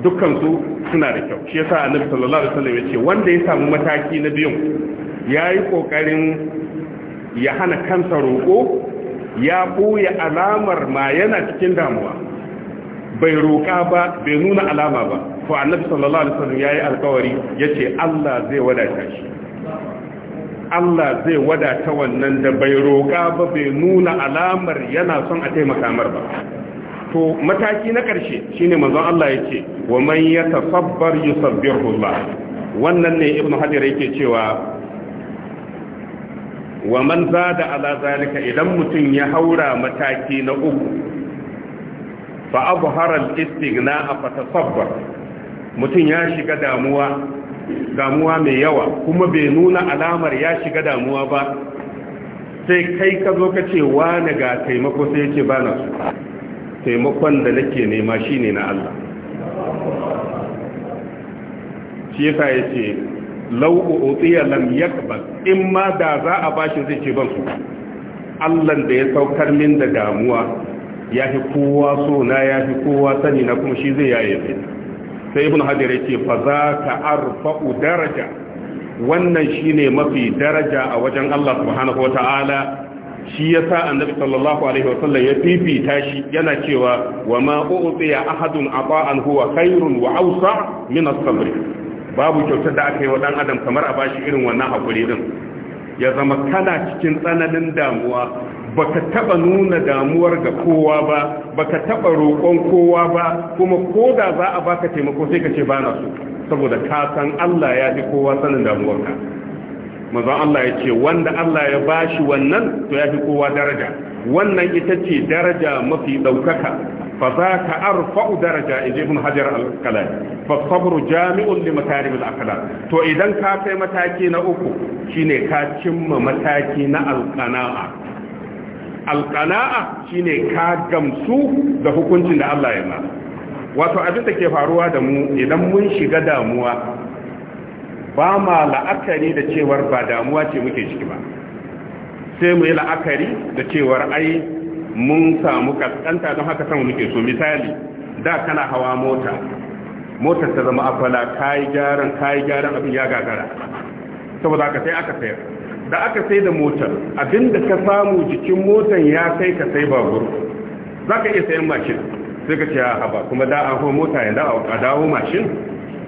dukkansu suna da kyau shi yasa annabi sallallahu alaihi wasallam ya ce wanda ya samu mataki na biyun yayi kokarin ya hana kansa roƙo ya ɓoye alamar ma yana cikin damuwa bai roƙa ba bai nuna alama ba to annabi sallallahu alaihi wasallam yayi alƙawari yace Allah zai wadata shi Allah zai wadata wannan da bai roƙa ba bai nuna alamar yana son a taimaka mar ba to mataki na ƙarshe shine manzon Allah yace wa man yatasabbar yusabbihullah wannan ne ibnu hajar yake cewa wa man zada ala zalika idan mutum ya haura mataki na uku fa abhara al-istighna fa tasabbar mutum ya shiga damuwa damuwa mai yawa kuma bai nuna alamar ya shiga damuwa ba sai kai ka zo ka ce ne ga taimako sai ya ba na su taimakon da nake nema shine na Allah shi yasa yace law utiya lam yakbal in ma da za a bashi zai ce ban su Allah da ya saukar min da damuwa ya fi kowa so na ya fi kowa sani na kuma shi zai yaye ni sai ibn hajar yace fa za ka arfa'u daraja wannan shine mafi daraja a wajen Allah subhanahu wataala shi ya sa annabi sallallahu alaihi wasallam ya fifita shi yana cewa wa ma u'tiya ahadun ata'an huwa khairun wa awsa' min as-sabr babu kyautar da aka yi wa ɗan adam kamar a bashi irin wannan haƙuri din ya zama kana cikin tsananin damuwa ba ka taɓa nuna damuwar ga kowa ba ba ka taɓa roƙon kowa ba kuma ko da za a baka taimako sai ka ce bana so saboda ka san Allah ya fi kowa sanin damuwarka manzon Allah ya ce wanda Allah ya bashi wannan to ya fi kowa daraja wannan ita ce daraja mafi ɗaukaka fa za ka arfa'u daraja in ibn hajar al-kalai fa sabru jami'un li makarim al to idan ka kai mataki na uku shine ka cimma mataki na al-qana'a al-qana'a shine ka gamsu da hukuncin da Allah ya masa wato abin da ke faruwa da mu idan mun shiga damuwa ba ma la'akari da cewar ba damuwa ce muke ciki ba sai mu yi la'akari da cewar ai mun samu kaskanta don haka sama muke so misali da kana hawa mota motar ta zama afala yi gyaran kayi gyaran abin ya gagara saboda aka sai aka sayar da aka sai da motar abinda ka samu jikin motar ya sai ka sai babur za ka iya sayan mashin sai ka ce a haba kuma da an hau mota ya dawo mashin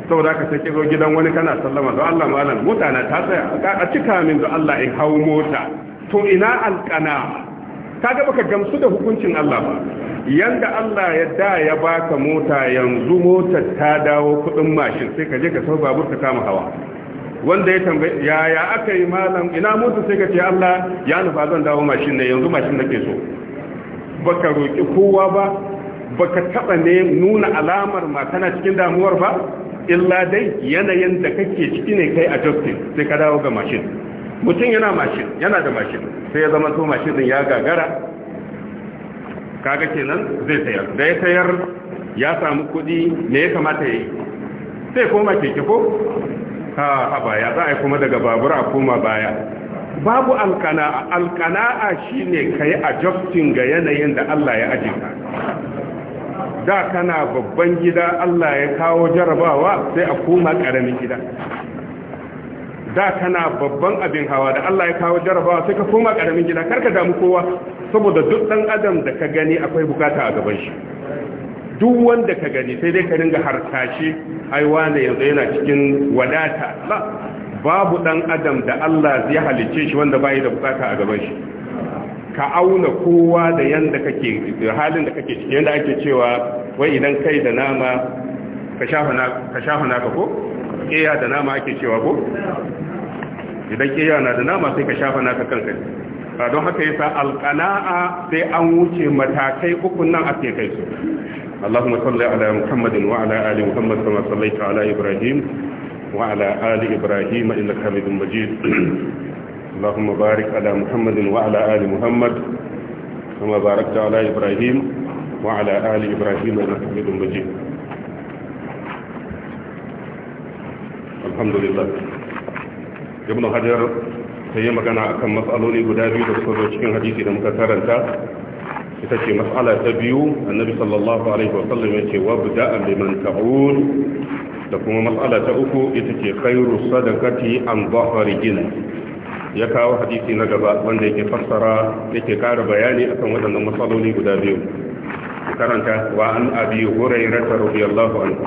saboda ka sai kiro gidan wani kana sallama don Allah malam mota na ta tsaya a cika min don Allah in hau mota to ina alƙana kaga baka gamsu da hukuncin Allah ba yanda Allah ya da ya baka mota yanzu motar ta dawo kudin mashin sai ka je ka sau babur ka kama hawa wanda ya tambaye yaya aka yi malam ina mota sai ka ce Allah ya nufa zan dawo mashin ne yanzu mashin nake so baka roki kowa ba baka taba ne nuna alamar ma kana cikin damuwar ba illa dai yanayin da kake ciki ne kai a justin sai ka dawo ga mashin mutum yana mashin yana da mashin sai ya zama to mashin din ya gagara kaga kenan zai tayar. da ya tayar ya samu kuɗi me ya kamata ya yi sai koma keke ko ha baya za a yi kuma daga babur a koma baya babu alkana'a alkana'a shine kai a adjusting ga yanayin da Allah ya ajiye da kana babban gida Allah ya kawo jarabawa sai a koma ƙaramin gida da kana babban abin hawa da Allah ya kawo jarabawa sai ka koma ƙaramin gida karka damu kowa saboda duk ɗan adam da ka gani akwai bukata a gaban shi duk wanda ka gani sai dai ka ringa harkashi aiwa ne yanzu yana cikin wadata babu ɗan adam da Allah zai halicce shi wanda bai da bukata a gaban shi ka auna kowa da yanda kake halin da kake cikin yanda ake cewa wai idan kai da nama ka shafa naka ko ƙeya da nama ake cewa ko idan ƙeya na da nama sai ka shafa naka kanka ba don haka yasa alƙana'a sai an wuce matakai ukun nan ake kai su Allahumma ala Muhammadin wa ala Ali, Muhammad kama sallaita ala Ibrahim wa ala Ali Ibrahim, إنك حميد majid *clears throat* اللهم بارك على محمد وعلى آل محمد كما باركت على إبراهيم وعلى آل إبراهيم إنك حميد مجيد الحمد لله ابن حجر sai magana akan matsaloli guda biyu da suka zo cikin hadisi da muka karanta ita ce matsala ta biyu annabi sallallahu alaihi wasallam ya ce wabda liman ta'ud da kuma matsala ta uku ita ce khairu sadaqati an dhahari gina ya kawo hadisi na gaba wanda yake fassara yake kara bayani akan waɗannan matsaloli guda biyu karanta wa an abi hurairah radiyallahu anhu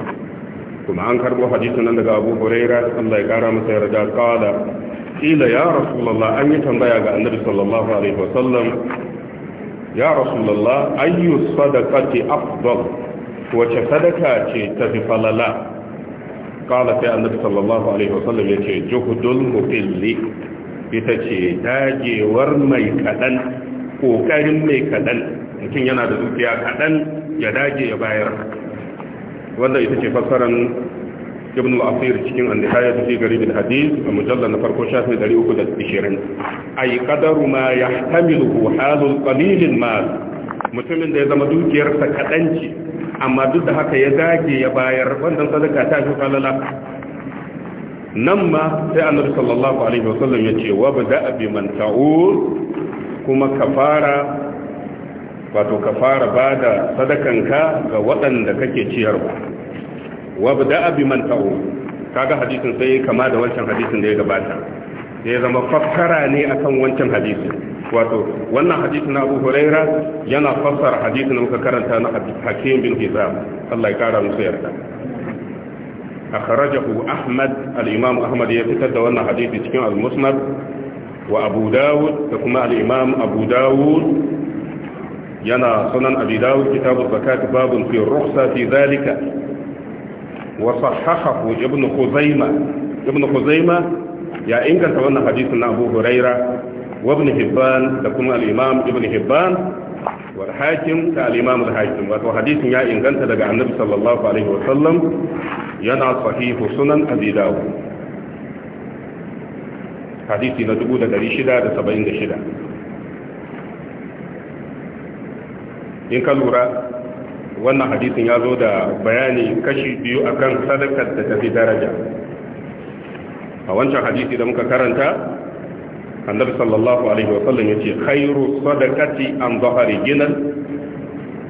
kuma an karbo hadisi nan daga Abu Hurairah Allah ya kara masa yarda kala ila ya rasulullah an yi tambaya ga annabi sallallahu alaihi wasallam ya rasulullah ayyu sadaqati afdal wace sadaka ce ta fi falala kala sai annabi sallallahu alaihi wasallam yace juhdul muqilli ita ce dagewar mai kaɗan ƙoƙarin mai kaɗan mutum yana da dukiya kaɗan ya dage ya bayar wanda ita ce fassarar ibn al-asir cikin an-nihaya fi garib al-hadith a mujallal na farko shafi 320 ay qadaru ma yahtamiluhu al qalil al-mal mutumin da ya zama dukiyarsa kadanci amma duk da haka ya dage ya bayar wannan sadaka ta shi kallala nan ma sai annabi sallallahu alaihi wasallam ya ce wa bada bi man ta'ur kuma ka fara wato ka fara bada sadakanka ga waɗanda kake ciyarwa wa bada bi man ta'ur kaga hadisin sai kama da wancan hadisin da ya gabata ya zama fassara ne akan wancan hadisin wato wannan hadisin na Abu Huraira yana fassara hadisin da muka karanta na Hakim bin Hizam Allah ya kara musu yarda أخرجه أحمد الإمام أحمد يتكد وأن حديث تكيم المسند وأبو داود تكما الإمام أبو داود ينا صنن أبي داود كتاب الزكاة باب في الرخصة في ذلك وصححه ابن خزيمة ابن خزيمة يا إنك تولنا حديثنا أبو هريرة وابن هبان تكون الإمام ابن هبان wal da al-imam al hadisin ya inganta daga annabi sallallahu alaihi wa sallam yana sahihu sunan abi dawud hadisi na in ka lura wannan hadisin ya zo da bayani kashi biyu akan sadakar da tafi daraja a wancan hadisi da muka karanta annabi sallallahu alaihi wa sallam yace khairu sadaqati an zahari ginan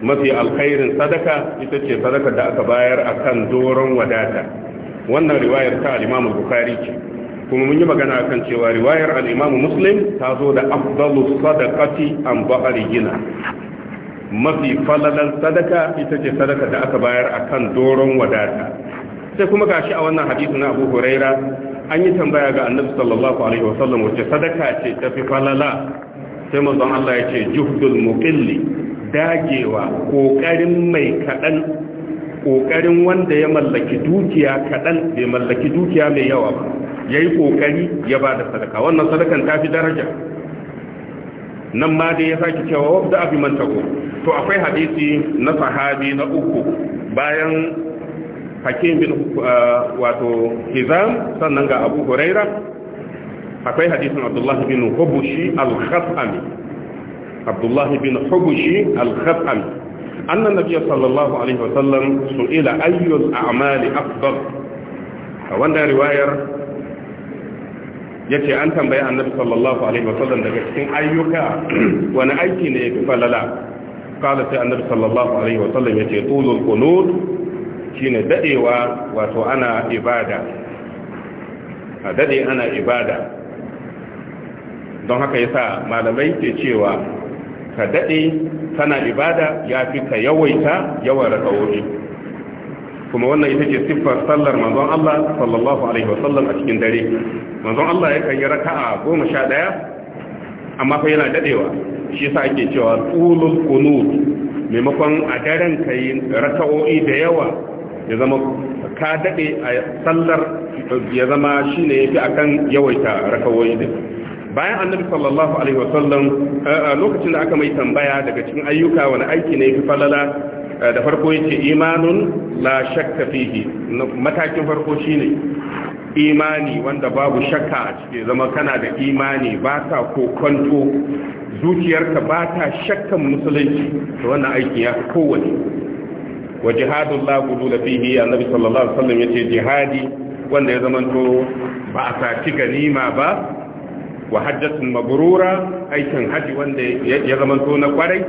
mafi alkhairin sadaka ita ce sadaka da aka bayar akan doron wadata wannan riwayar ta al-Imam Bukhari ce kuma mun yi magana akan cewa riwayar al-Imam Muslim ta zo da afdalu sadaqati an zahari gina mafi falalan sadaka ita ce sadaka da aka bayar akan doron wadata sai kuma gashi a wannan hadisi na Abu Huraira an yi tambaya ga annabi sallallahu alaihi wa sallam wace sadaka ce ta fi falala sai manzon Allah ya ce juhdul muqilli dagewa kokarin mai kadan kokarin wanda ya mallaki dukiya kadan bai mallaki dukiya mai yawa ba yayi kokari ya bada sadaka wannan sadakan ta fi daraja nan ma dai ya saki cewa da abi man to akwai hadisi na sahabi na uku bayan hakim bin uh, wato hizam sannan ga abu huraira akwai hadisin abdullahi bin hubushi al-khasami abdullahi bin hubushi al-khasami annan nabiya sallallahu alaihi wasallam su'ila ayyul a'mali afdal a wannan riwayar ya ce an tambaye annabi sallallahu alaihi wasallam daga cikin ayyuka wani aiki ne ya fi falala kala sai annabi sallallahu alaihi wasallam ya ce tulul qunut shine dadewa wato ana ibada a dade ana ibada don haka yasa malamai ke cewa ka daɗe, kana ibada ya fi ka yawaita yawan wuri. kuma wannan ita ce siffar sallar manzon Allah sallallahu alaihi wasallam a cikin dare manzon Allah ya kai raka'a 11 amma fa yana daɗewa. shi yasa ake cewa tulul qunut maimakon a daren kai raka'o'i da yawa ya zama ka daɗe a sallar ya zama shi ne ya fi a kan yawaita rakawoyi din bayan annabi sallallahu alaihi wasallam lokacin da aka mai tambaya daga cikin ayyuka wani aiki ne ya fi falala da farko ya imanun la shakka fihi matakin farko shi ne imani wanda babu shakka a cike zama kana da imani ba ta kokonto zuciyarka ba ta shakkan musulunci da wannan aiki ya fi kowane wa jihadun la gudula fihi annabi sallallahu alaihi wasallam yace jihadi wanda ya zamanto ba a saci ganima ba wa hajjatun mabrura aikin haji wanda ya zamanto na kwarai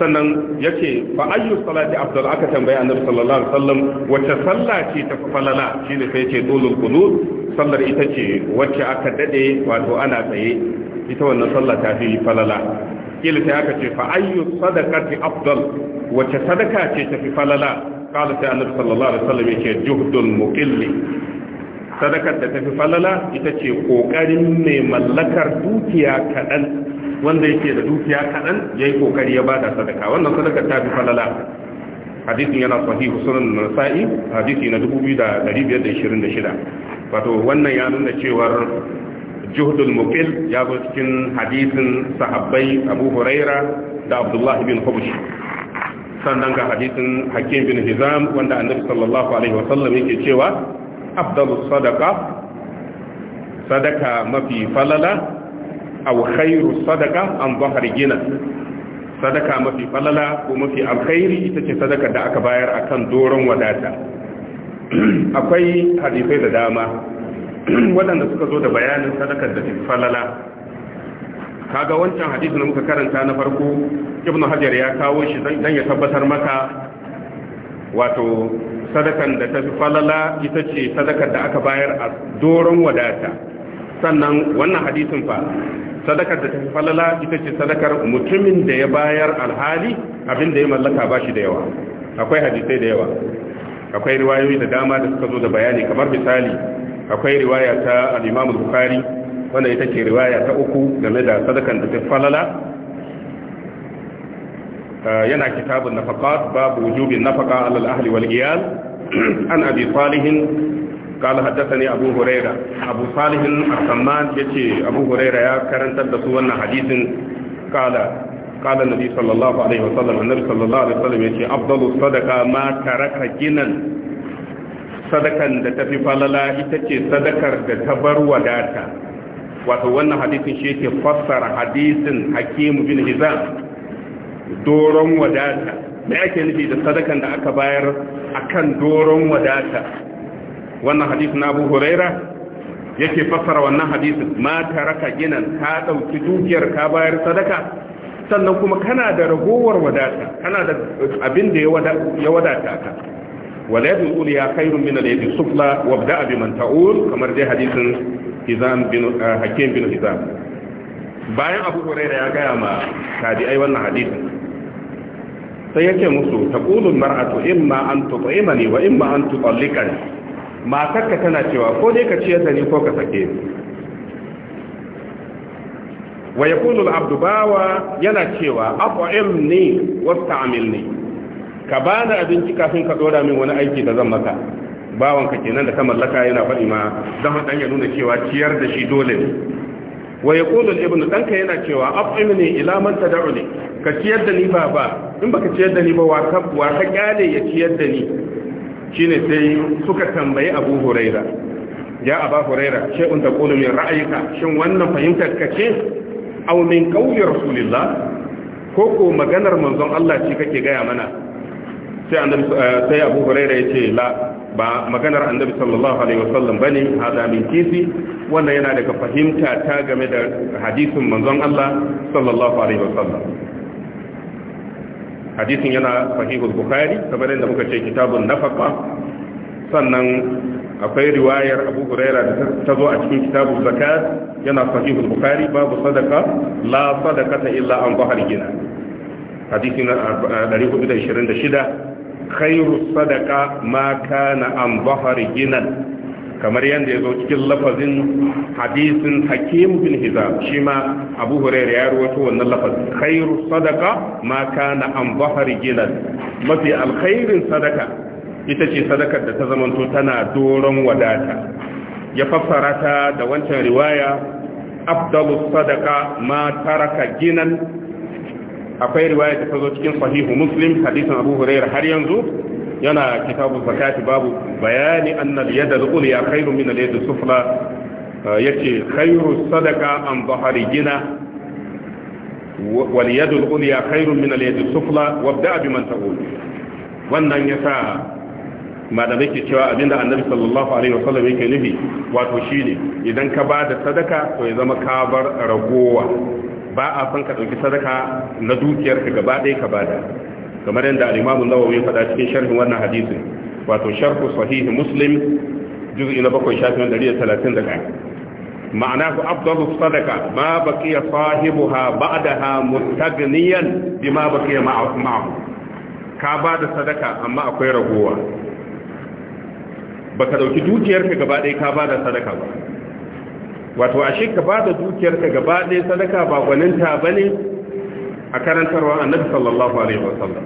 sannan yace fa ayyu salati afdal aka tambaya annabi sallallahu alaihi wasallam wacce sallah ce ta falala shine sai ce dolul qunut sallar ita ce wacce aka dade wato ana tsaye ita wannan sallah ta fi falala kila aka ce fa ayyu sadaqati afdal wace sadaka ce tafi falala qala sai annabi sallallahu alaihi wasallam yake juhdul muqilli sadakar da tafi falala ita ce kokarin mai mallakar dukiya kadan wanda yake da dukiya kadan yayi kokari ya bada sadaka wannan sadakar ta fi falala hadisin yana sahihu sunan nasa'i hadisi na 2526 wato wannan ya nuna cewar juhdul muqil ya zo cikin hadisin sahabbai abu huraira da abdullahi bin hubush sannan ga hadisin hakim bin hizam wanda annabi sallallahu alaihi wasallam yake cewa afdalus sadaqa sadaka mafi falala aw sadaka an zahri gina sadaka mafi falala ko mafi Alkairi ita ce sadaka da aka bayar akan doron wadata *clears throat* akwai hadisai da dama *clears throat* waɗanda suka zo da bayanin sadakar da fi falala kaga wancan hadisi da muka karanta na farko ibn hajar ya kawo shi dan ya tabbatar maka wato sadakan da ta fi falala ita ce sadakar da aka bayar a doron wadata sannan wannan hadisin fa sadakar da ta fi falala ita ce sadakar mutumin da ya bayar alhali abin da ya mallaka ba shi da yawa akwai hadisai da yawa akwai riwayoyi da dama da suka zo da bayani kamar misali akwai riwaya ta al Bukhari wanda ita ce riwaya ta uku game da sadakan da ta falala ah, yana kitabun nafaqat babu wujubin nafaqa ala al-ahli wal iyal *clears throat* an abi salih قال حدثني أبو هريرة أبو صالح السمان abu أبو ya يا كرن تدسوا أن حديث قال قال النبي صلى الله عليه وسلم النبي صلى الله عليه وسلم يتي أفضل الصدقة ما ترك جنا sadakan da ta fi falala ita ce sadakar da ta bar wadata wato wannan hadisin shi yake fassara hadisin hakimu bin hizam doron wadata mai ake nufi da sadakan da aka bayar akan doron wadata wannan hadisin abu huraira yake fassara wannan hadisin ma ta raka ginan ka ɗauki dukiyar ka bayar sadaka sannan kuma kana da ragowar wadata kana da abin da ya wadata ka واليد الأولى خير من اليد السفلى وابدأ بمن تعول كما رجع حديث هزام بن حكيم بن هزام bayan abu huraira ya gaya ma tabi'ai wannan hadisin sai yake musu taqulu mar'atu imma an tut'imani wa imma an tutallikani matarka tana cewa ko dai ka ciyar da ni ko ka sake yana cewa at'imni ne? ka ba ni abinci kafin ka dora min wani aiki da zan maka bawanka kenan da ta mallaka yana faɗi ma dan dan ya nuna cewa ciyar da shi dole ne wa yaqulu al-ibn danka yana cewa af'imni ila man tad'uni ka ciyar da ni baba in baka ciyar da ni ba wa ka wa ka kyale ya ciyar da ni shine sai suka tambayi Abu Huraira ya Abu Huraira ta taqulu min ra'ayika shin wannan fahimtar ka ce aw min qawli rasulillah ko ko maganar manzon Allah ce kake gaya mana sai annabi eh, sai Abu Hurairah yace la ba maganar annabi sallallahu alaihi wasallam bane hada min kisi wannan yana daga fahimta ta game da hadisin manzon Allah sallallahu alaihi wasallam hadisin yana sahihul bukhari kamar yadda muka ce kitabun nafaqa sannan akwai riwayar Abu Hurairah ta zo a cikin kitabul zakat yana sahihul bukhari babu sadaka la sadaqata illa an bahar gina hadisin 426 eh, khairu sadaka ma kana an bahar kamar yadda ya zo cikin lafazin hadisin hakim bin hizam shi ma abu hurairu ya rawaito wannan lafazin khairu sadaka ma kana an bahar mafi alkhairin sadaka ita ce sadakar da ta zamanto tana doron wadata ya fassara ta da wancan riwaya Abdul sadaka ma taraka ginan akwai riwaya da ta zo cikin sahihu muslim hadisin abu hurairah har yanzu yana kitabu zakati babu bayani anna al-yad al-ulya khairu min al-yad al-sufla uh, yace khairu sadaqa an dhahari gina wal yad al-ulya khairu min al-yad al-sufla wabda bi man taqul wannan yasa malamai ke cewa abinda annabi sallallahu alaihi wasallam yake nufi wato shine idan ka ba da sadaka to ya zama ka bar ragowa ba a san ka ɗauki sadaka na dukiyarka gaba ɗaya ka bada kamar yadda al-Imam nawawi ya faɗa cikin sharhin wannan hadisin wato sharhu sahih Muslim juz'i na bakwai shafin 131 ma'ana ku afdalu sadaka ma baqiya sahibuha ba'daha mustaghniyan bima baqiya ma'ahu ka bada sadaka amma akwai ragowa baka dauki dukiyarka gaba ɗaya ka bada sadaka ba wato ashe ka ba da dukiyarka gaba ɗaya sadaka ba gwaninta ba ne a karantarwa annabi sallallahu alaihi wasallam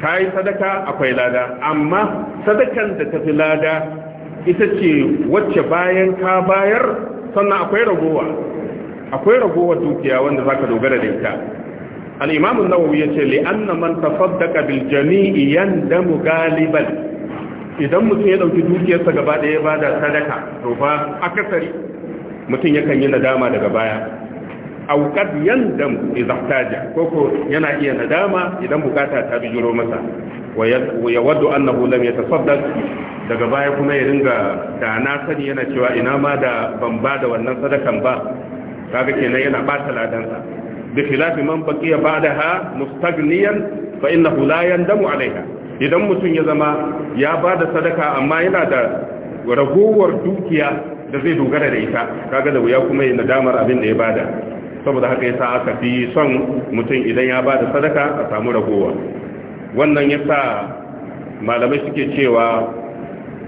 ta yi sadaka akwai lada amma sadakan da ta fi lada ita ce wacce bayan ka bayar sannan akwai ragowa akwai ragowar dukiya wanda za ka dogara da ita al'imamun nawawi ya ce li'anna man tafaddaka bil jami'i yandamu galiban idan mutum ya ɗauki dukiyarsa gaba ɗaya ba da sadaka to fa akasari mutum yakan yi nadama daga baya auqad yandam idza koko yana iya nadama idan bukata ta bijiro masa wa yawaddu annahu lam yatasaddaq daga baya kuma ya dinga da na sani yana cewa ina ma da ban ba da wannan sadakan ba kaga kenan yana bata ladansa. bi khilafi man baqiya ba'daha mustaghniyan fa innahu la yandamu alaiha idan mutum ya zama ya ba da sadaka amma yana da raguwar dukiya da zai dogara da ita kaga da wuya kuma ya nadamar abin da ya bada saboda haka yasa aka fi son mutum idan ya bada sadaka a samu ragowa wannan yasa malamai suke cewa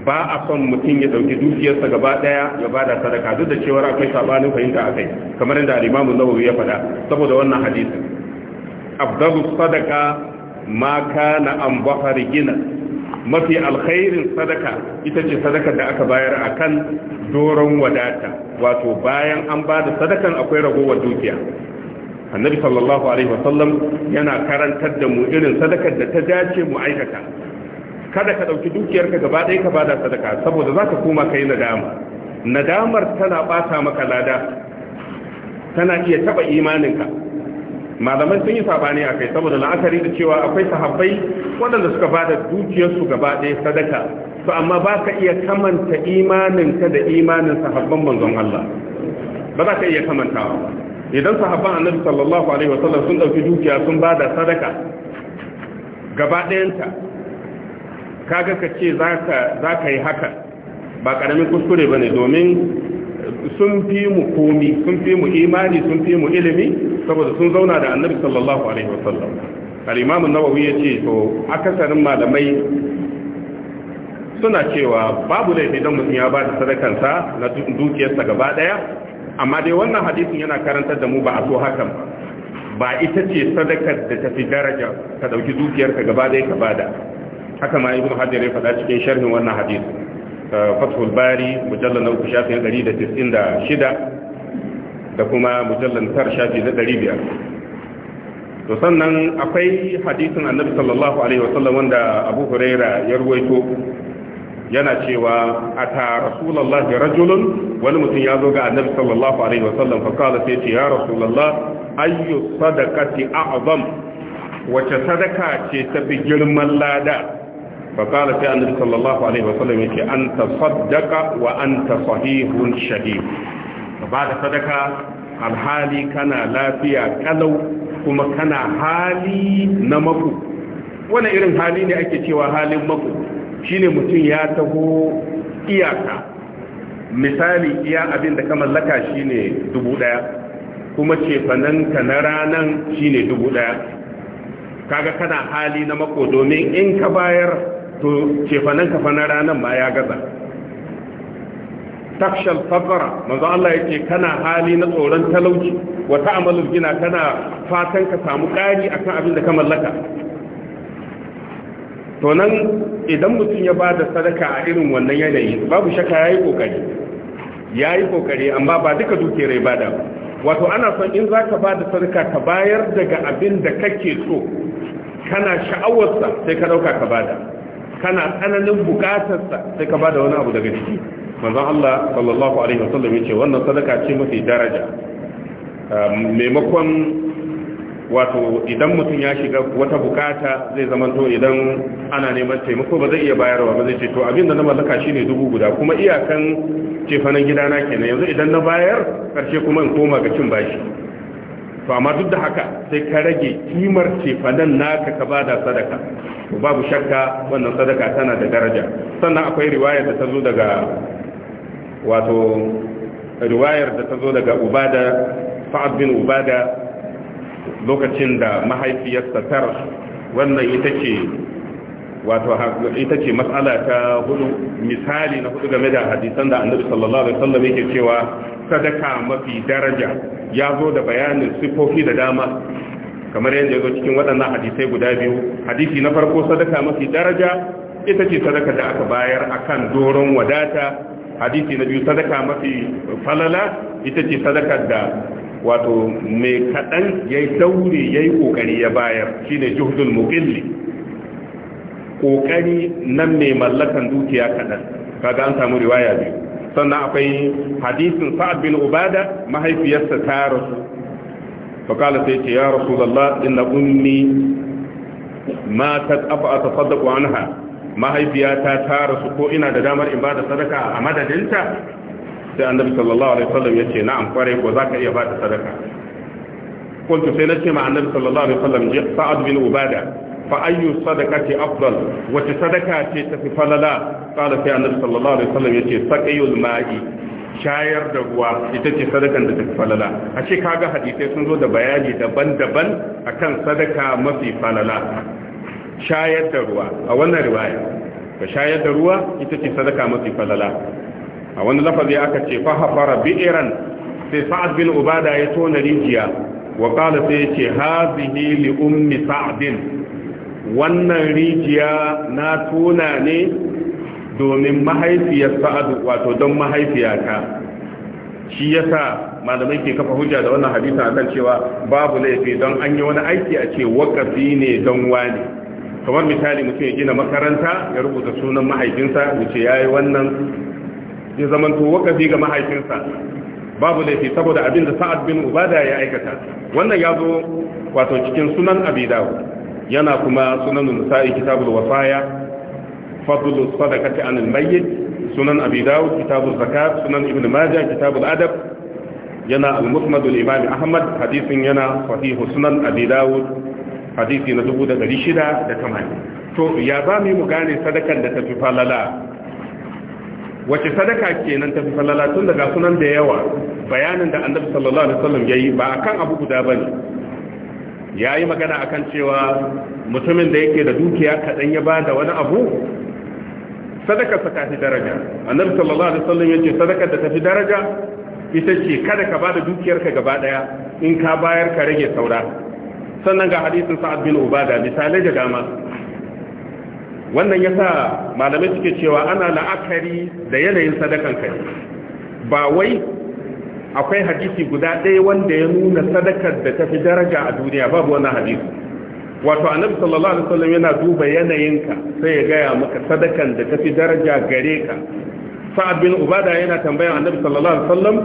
ba a son mutum ya dauki dukiyarsa gaba daya ya bada sadaka duk da cewa akwai sabanin fahimta akai kamar yadda al-Imam an-Nawawi ya fada saboda wannan hadisin afdalu sadaka ma kana an bahar gina mafi alkhairin sadaka ita ce sadaka da aka bayar a kan doron wadata wato bayan an ba da sadakan akwai ragowar dukiya annabi sallallahu alaihi wasallam yana karantar da mu irin sadakar da ta dace mu aikata kada ka ɗauki dukiyarka gaba ɗaya ka bada sadaka saboda za ka koma ka yi nadama nadamar tana ɓata maka lada tana iya taɓa imaninka malaman sun yi sabani a kai saboda la'akari da cewa akwai sahabbai waɗanda suka ba da dukiyarsu gaba ɗaya sadaka to amma ba ka iya kamanta imaninka da imanin sahabban manzon Allah ba za ka iya kamantawa idan sahabban annabi sallallahu alaihi wa sallam sun ɗauki dukiya sun ba da sadaka gaba ɗayanta kaga ka ce za ka yi haka ba ƙaramin kuskure ba ne domin sun fi mu komi sun fi mu imani sun fi mu ilimi saboda sun zauna da annabi sallallahu alaihi wasallam al-imam an-nawawi ce to akasarin malamai suna cewa babu laifi dan mutum ya bada da sadakansa na dukiyarsa gaba daya amma dai wannan hadisin yana karantar da mu ba a so hakan ba ita ce sadakar da tafi daraja ka dauki dukiyarka gaba daya ka bada haka ma ibnu hajar ya faɗa cikin sharhin wannan hadisin fathul bari mujallar na uku shafin 196 da shida da kuma mujallar tar shafi na ɗari biyar to sannan akwai hadisin annabi sallallahu alaihi wasallam wanda abu huraira ya ruwaito yana cewa a ta rasulallah ya rajulun wani mutum ya zo ga annabi sallallahu alaihi wasallam fakala sai ce ya rasulallah ayyu sadaqati a'zam wace sadaka ce ta fi girman lada فقال في النبي صلى الله عليه وسلم يكي أنت صدق وأنت صحيح شهيد بعد صدقة الحالي كان لا فيها كلو كما كان حالي نمكو وانا إرم حالي لأكي تيوى حالي مكو شيني متين ياته إياكا misali iya abin da ka mallaka shine dubu daya kuma cefananka na ranan shine dubu daya kaga kana hali na mako domin in ka bayar to cefanen ka na ranar ma ya gaza takshal fakara manzo Allah yake kana hali na tsoron talauci wa ta'malu gina kana fatan ka samu kari akan abin da ka mallaka to nan idan mutum ya ba da sadaka a irin wannan yanayi babu shakka yayi kokari yayi kokari amma ba duka dukiyar ya bada wato ana son in zaka ba da sadaka ka bayar daga abin da kake so kana sha'awarsa sai ka dauka ka bada kana tsananin bukatarsa sai ka bada wani abu daga ciki manzon Allah sallallahu alaihi wasallam yace wannan sadaka ce mafi daraja maimakon wato idan mutum ya shiga wata bukata zai zama to idan ana neman taimako ba zai iya bayarwa ba zai ce to abin da na mallaka shine dubu guda kuma iyakan cefanen gidana kenan yanzu idan na bayar karshe kuma in koma ga cin bashi to amma duk da haka sai ka rage kimar cefanen naka ka bada sadaka to babu shakka wannan sadaka tana da daraja sannan akwai riwayar da ta zo daga wato riwayar da ta zo daga ubada fa'ad bin ubada lokacin da mahaifiyarsa ta rasu wannan ita ce wato ita ce matsala ta hudu misali na hudu game da hadisan da annabi sallallahu alaihi wasallam yake cewa sadaka mafi daraja ya zo da bayanin sifofi da dama kamar yadda ya zo cikin waɗannan hadisai guda biyu hadisi na farko sadaka mafi daraja ita ce sadaka da aka bayar akan doron wadata hadisi na biyu sadaka mafi falala ita ce sadaka da wato mai kaɗan ya yi daure ya yi ƙoƙari ya bayar shi ne juhdul mukilli ƙoƙari nan mai mallakan dukiya kaɗan kaga an samu riwaya biyu sannan akwai hadisin sa'ad bin ubada mahaifiyarsa ta rasu faƙala sai ce ya rasu rasulallah inna ummi matat afa a tafaddaqu anha mahaifiyata ta rasu ko ina da damar in bada sadaka a madadinta sai annabi sallallahu alaihi wasallam yace na'am kware ko zaka iya bada sadaka kuntu sai nace ma annabi sallallahu alaihi wasallam sa'ad bin ubada fa ayyu sadaqati afdal wace sadaka ce tafi falala qala sai annabi sallallahu alaihi wasallam yace saqayul ma'i shayar da ruwa ita ce sadakan da tafi falala a ce kaga sun zo da bayani daban-daban akan sadaka mafi falala shayar da ruwa a wannan riwaya ka shayar da ruwa ita ce sadaka mafi falala a wani lafazi aka ce fa bi'iran sai sa'ad bin Obada ya tona rijiya wa sai ummi sa'din wannan rijiya na tona ne domin mahaifiyar sa'adu wato don mahaifiyata shi yasa malamai ke kafa hujja da wannan a akan cewa babu laifi don an yi wani aiki a ce wakafi ne don wani kamar misali mutum ya gina makaranta ya rubuta sunan mahaifinsa wuce ya yi wannan ya to wakafi ga mahaifinsa babu laifi saboda abin da sa'ad bin ubada ya aikata wannan ya zo wato cikin sunan abidawo yana kuma sunan nisa'i kitabul wasaya fadlu sadaqati anil mayyit sunan abi dawud kitabul zakat sunan ibn majah kitabul adab yana al-musnad al-imam ahmad hadisin yana sahih sunan abi dawud hadisi na 1680 to ya ba mu gane sadakan da tafi falala wace sadaka kenan tafi falala tun daga sunan da yawa bayanin da annabi sallallahu alaihi wasallam yayi ba akan abu guda bane ya yi magana akan cewa mutumin da yake da dukiya kaɗan ya ba da wani abu sadaka ta fi daraja annabi sallallahu alaihi wasallam yace sadaka da tafi daraja ita ce kada ka bada da dukiyarka gaba daya in ka bayar ka rage saura sannan ga hadisin sa'ad bin ubada misali da dama wannan yasa malamai suke cewa ana la'akari da yanayin sadakan kai ba wai akwai hadisi guda ɗaya wanda ya nuna sadakar da tafi daraja a duniya babu wani hadisi wato annabi sallallahu alaihi wasallam yana duba yanayinka sai ya gaya maka sadakan da tafi daraja gare ka sa'ad bin ubada yana tambaya annabi sallallahu alaihi wasallam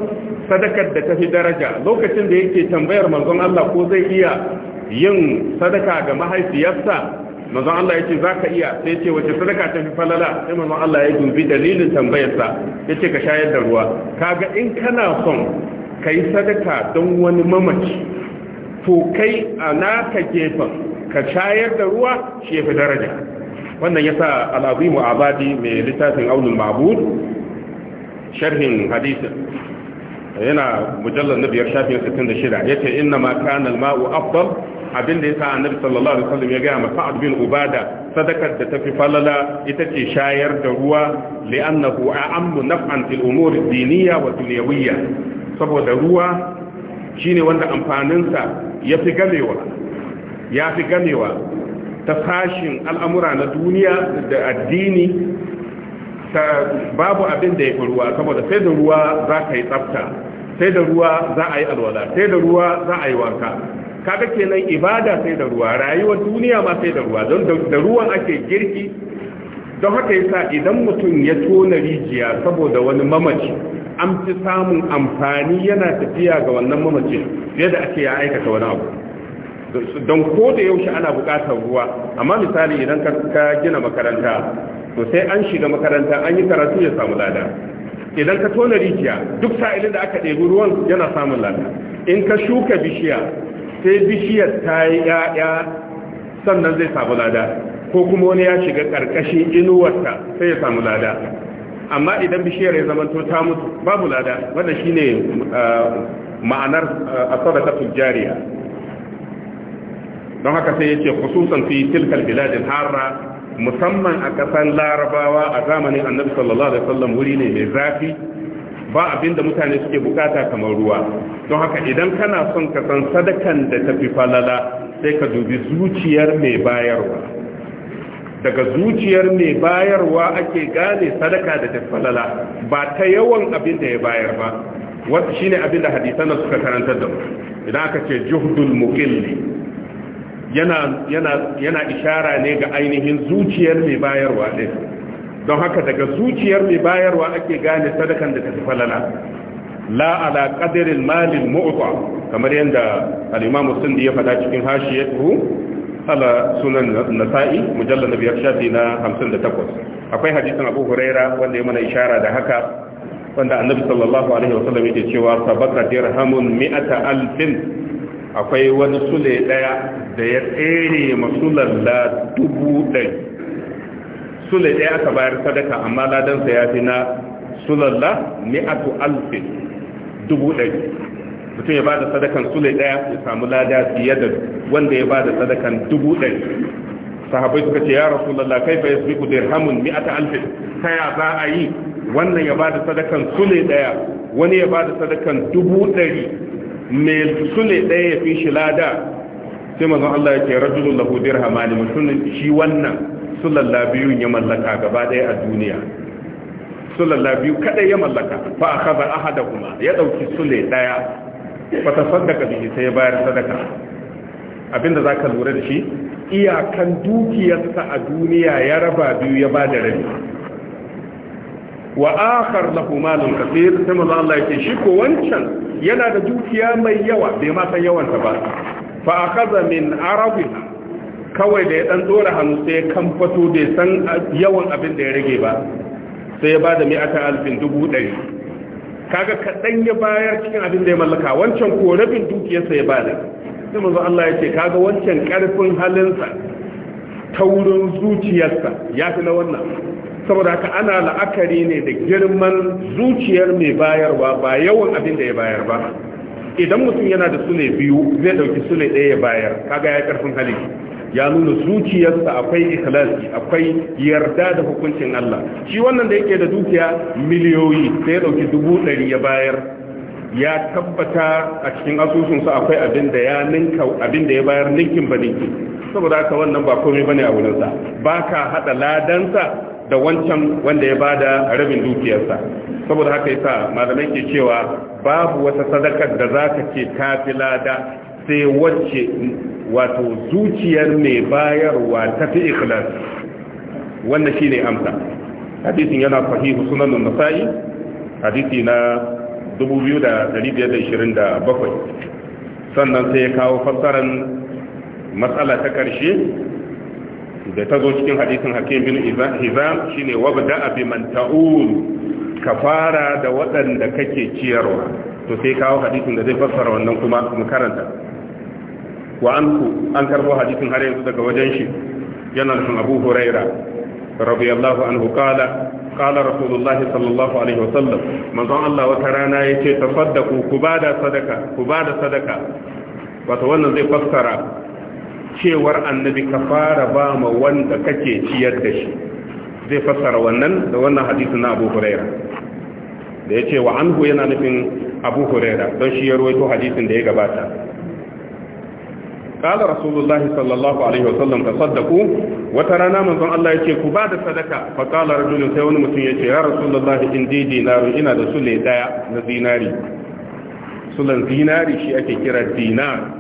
sadakar da tafi daraja lokacin da yake tambayar manzon Allah ko zai iya yin sadaka ga mahaifiyarsa manzon Allah ya za zaka iya sai ce wace sadaka ta fi falala sai manzon Allah ya dubi dalilin tambayarsa. Ya yace ka shayar da ruwa kaga in kana son yi sadaka don wani mamaci to kai a naka gefen ka shayar da ruwa shi yafi daraja wannan yasa al-azimu abadi mai littafin aulul mabud sharhin hadisin yana mujallar na biyar shafin 66 yace inna ma kana mau afdal abinda yasa annabi sallallahu alaihi wasallam ya ga ma fa'ad bin ubada sadakar da tafi falala ita ce shayar da ruwa li'annahu a'ammu naf'an fil umur ad wa dunyawiyya saboda ruwa shine wanda amfanin sa yafi gamewa yafi gamewa ta fashin al'amura na duniya da addini babu abin da ya fi ruwa saboda sai da ruwa za ka yi tsafta sai da ruwa za a yi alwala sai da ruwa za a yi wanka kaga kenan ibada sai da ruwa rayuwar duniya ma sai da ruwa don da ruwan ake girki don haka yasa idan mutum ya tona rijiya saboda wani mamaci an fi samun amfani yana tafiya ga wannan mamaci fiye da ake ya aikata wani abu don ko da yaushe ana bukatar ruwa amma misali idan ka gina makaranta to sai an shiga makaranta an yi karatu ya samu lada idan ka tona rijiya duk sa'ilin da aka ɗebi ruwan yana samun lada in ka shuka bishiya sai bishiyar ta yi ya'ya sannan zai samu lada ko kuma wani ya shiga ƙarƙashin inuwarta sai ya samu lada amma idan bishiyar ya zama to ta mutu babu lada wanda shine eh, ma'anar eh, asadaqatul tujjariya don haka sai yace khususan fi tilkal biladil harra musamman a ƙasar larabawa a zamanin annabi sallallahu alaihi wasallam wuri ne mai zafi ba abin da mutane suke bukata kamar ruwa don haka idan kana son ka san sadakan da tafi falala sai ka dubi zuciyar mai bayarwa daga zuciyar mai bayarwa ake gane sadaka da tafi falala ba ta yawan abin da ya bayar ba wasu shine abin da hadisan suka karantar da mu idan aka ce juhdul muqilli yana ishara ne ga ainihin zuciyar mai bayarwa din don haka daga zuciyar mai bayarwa ake gane sadakan da ta fi falala la ala qadarin kamar yadda al-imam muslim ya faɗa cikin hashiyatu ala sunan nasa'i na biyar shafi na takwas akwai hadisin abu huraira wanda ya mana ishara da haka wanda annabi sallallahu alaihi wasallam yake cewa sabaka dirhamun mi'ata alfin akwai wani sule daya da ya tsere masulan la dubu ɗari sule daya aka bayar sadaka amma ladansa ya fi na sulan la mi'atu alfi dubu ɗari mutum ya ba da sadakan sule daya ya samu lada fiye da wanda ya ba da sadakan dubu ɗari sahabai suka ce ya rasu rasulallah kai fa yasbiqu dirhamun mi'ata alfi ta ya za a yi wannan ya ba da sadakan sule daya wani ya ba da sadakan dubu ɗari mai sule ɗaya ya fi shi lada sai mazan Allah ya ce rajulun lahu dirhamani mutumin shi wannan sulalla biyun ya mallaka gaba ɗaya a duniya sulalla biyu kaɗai ya mallaka fa a kaza kuma ya ɗauki sule ɗaya ba ta sadaka sai ya bayar sadaka abinda za ka lura da shi iyakan dukiyarsa a duniya ya raba biyu ya ba da rabi wa akhar lahu malun kaseer sai manzo Allah yake shi ko wancan yana da dukiya mai yawa bai ma san yawan ta ba fa akhadha min arabiha kawai da ya dan dora hannu sai ya kamfato bai san yawan abin da ya rage ba sai ya bada mi'ata alfin dubu ɗari kaga kaɗan ya bayar cikin abin da ya mallaka wancan ko rabin dukiyarsa ya bada sai manzo Allah yake kaga wancan karfin halinsa taurin zuciyarsa ya fi na wannan saboda haka ana la'akari ne da girman zuciyar mai bayarwa ba yawan abin da ya bayar ba idan mutum yana da sule biyu zai dauki sule ɗaya ya bayar kaga ya karfin hali ya nuna zuciyarsa akwai ikhlasi akwai yarda da hukuncin Allah shi wannan da yake da dukiya miliyoyi sai ya dauki dubu ɗari ya bayar ya tabbata a cikin asusunsa akwai abin da ya ninka abin da ya bayar ninkin ba ninkin saboda haka wannan ba komai bane a wurinsa ba ka hada ladansa da wancan wanda ya bada rabin dukiyarsa saboda haka yasa malamai ke cewa babu wata sadakar da za ka ce tafi lada sai wacce wato zuciyar mai bayarwa fi ikhlas wanda shine amsa hadisin yana sahihu sunan nasa'i hadisi na 2527 sannan sai ya kawo fassarar matsala ta karshe. da ta zo cikin hadisin hakim bin hizam shine wabda bi man ta'ul ka fara da waɗanda kake ciyarwa to sai kawo hadisin da zai fassara wannan kuma mu karanta wa an ku an karbo hadisin har yanzu daga wajen shi yana da Abu Huraira radiyallahu anhu qala qala rasulullahi sallallahu alaihi wa wasallam manzon Allah wata rana yace tasaddaqu ku bada sadaka ku bada sadaka wato wannan zai fassara cewar annabi ka fara ba ma wanda kake ciyar da shi zai fassara wannan da wannan hadisi na abu huraira da ya ce wa anhu yana nufin abu don shi ya ruwaito hadisin da ya gabata قال رسول الله صلى الله عليه وسلم تصدقوا وترانا من ظن الله يتي كبا da sadaka fa qala rajul sai wani mutum ya yace ya rasulullahi indi dinar ina da sule daya na zinari sulan zinari shi ake kira Dina.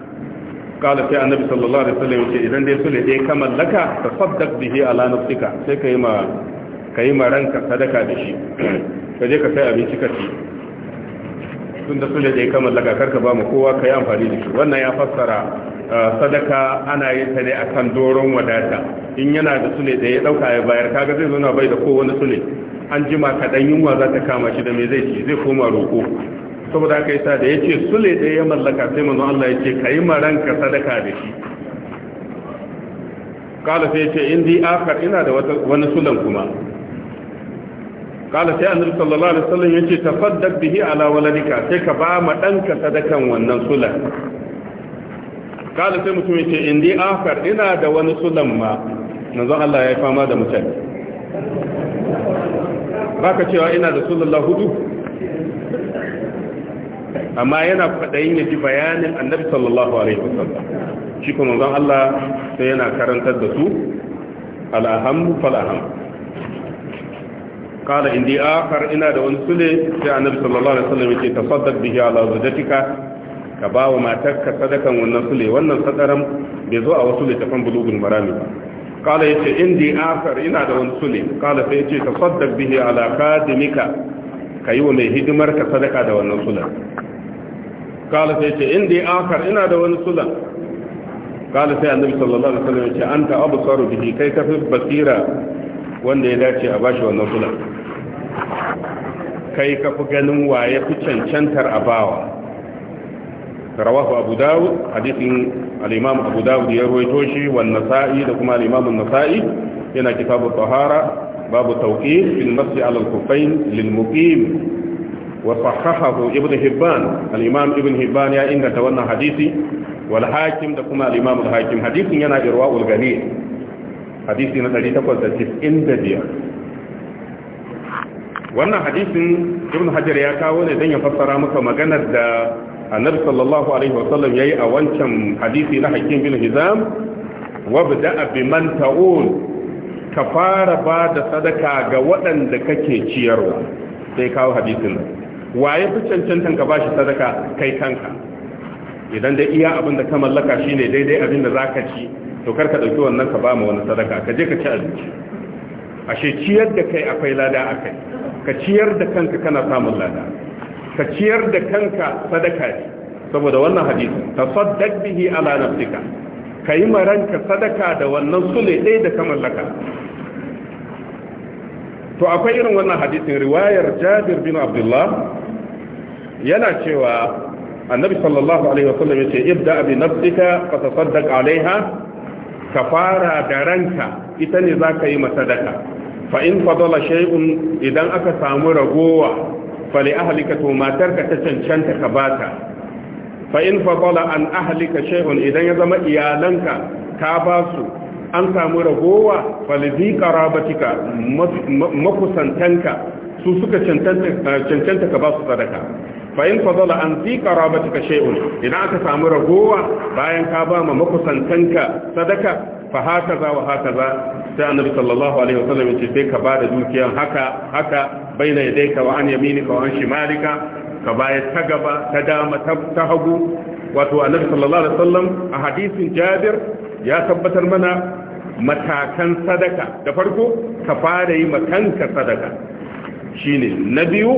kala sai annabi sallallahu alaihi wasallam yace idan dai sule dai ka mallaka ta saddaq bihi ala nafsika sai kai ma kai ma ranka sadaka da shi kaje je ka sai abinci ka ci tunda sule dai ka mallaka karka ba mu kowa kai amfani da shi wannan ya fassara sadaka ana yin ta ne akan doron wadata in yana da sule da ya dauka ya bayar kaga zai zo na bai da kowane sule an jima kaɗan yunwa za ta kama shi da me zai ci zai koma roƙo saboda yi yasa da ce sule da ya mallaka sai manzon Allah ya ce yace kai maranka sadaka da shi kala sai ce indi akar ina da wani sulan kuma kala sai annabi sallallahu alaihi wasallam yace tafaddaq bihi ala waladika sai ka ba ma danka sadakan wannan sulan kala sai mutum yace indi akar ina da wani sulan ma manzon Allah ya yi fama da mutane baka cewa ina da sulan hudu amma yana kwaɗayin ya ji bayanin annabi sallallahu alaihi wasallam shi kuma zan Allah sai yana karantar da su al'ahammu fal'aham kala indi akar ina da wani sule sai annabi sallallahu alaihi wasallam yake tasaddaq bihi ala zawjatika ka ba wa matarka sadakan wannan sule wannan sadaran bai zo a wasu littafan bulugul marami ba kala yace indi akar ina da wani sule kala sai yace tasaddaq bihi ala kadimika ka yi wa mai hidimar ka sadaka da wannan sulan kala sai ce inda ya akar ina da wani sulan kala sai annabi sallallahu alaihi wasallam ce anta tsaro bihi kai kafi basira wanda ya dace a bashi wannan sulan kai kafi ganin waye fi cancantar a bawa. rawahu abu dawud hadisin al-imam abu dawud ya rawaito shi wan nasa'i da kuma al-imam an-nasa'i yana kitabu tahara babu tawqir fil masjid ala al-kufayn lil muqim wa sahahahu ibn ibn hibban ya inganta wannan hadisi wal hakim da kuma al-imam al-hakim hadisin yana irwaul gani hadisi na 895 wannan hadisin ibn hajar ya kawo ne dan ya fassara maka maganar da annabi sallallahu alaihi wasallam yayi a wancan hadisi na hakim bin hizam ta'ul ka fara ba da sadaka ga waɗanda kake ciyarwa sai kawo hadisun waye fi cancantan ka bashi sadaka kai kanka idan da iya abin da ka mallaka shi ne daidai abin da ka ci to karka dauki wannan ka ba ma wani sadaka ka je ka ci abinci ashe ciyar da kai akwai lada akai ka ciyar da kanka kana samun lada ka ciyar da kanka sadaka ne saboda wannan hadisi tasaddaq bihi ala nafsika yi maranka sadaka da wannan sule ɗaya da ka mallaka to akwai irin wannan hadisin riwayar jabir bin abdullah yana cewa annabi sallallahu alaihi wasallam yace ibda bi nafsika fa tasaddaq alaiha ka fara da ranka ita ne zaka yi masadaka fa in fadala shay'un idan aka samu ragowa fa li ahlika to matarka ta cancanta ka bata fa in fadala an ahlika shay'un idan ya zama iyalanka ka ba su an samu ragowa falizi karabatika makusantanka su suka cancanta ka ba su sadaka fa'in fadala an fi karabatika shay'un idan aka samu ragowa bayan ka ba ma makusantanka sadaka fa haka za wa haka za sai annabi sallallahu alaihi wasallam ya ce sai ka ba da dukiyan haka haka baina yadayka wa an yaminika wa an shimalika ka bayar ta gaba ta dama ta hagu wato annabi sallallahu alaihi wasallam a hadisin jabir ya tabbatar mana matakan sadaka da farko ka fara yi makanka sadaka shine na biyu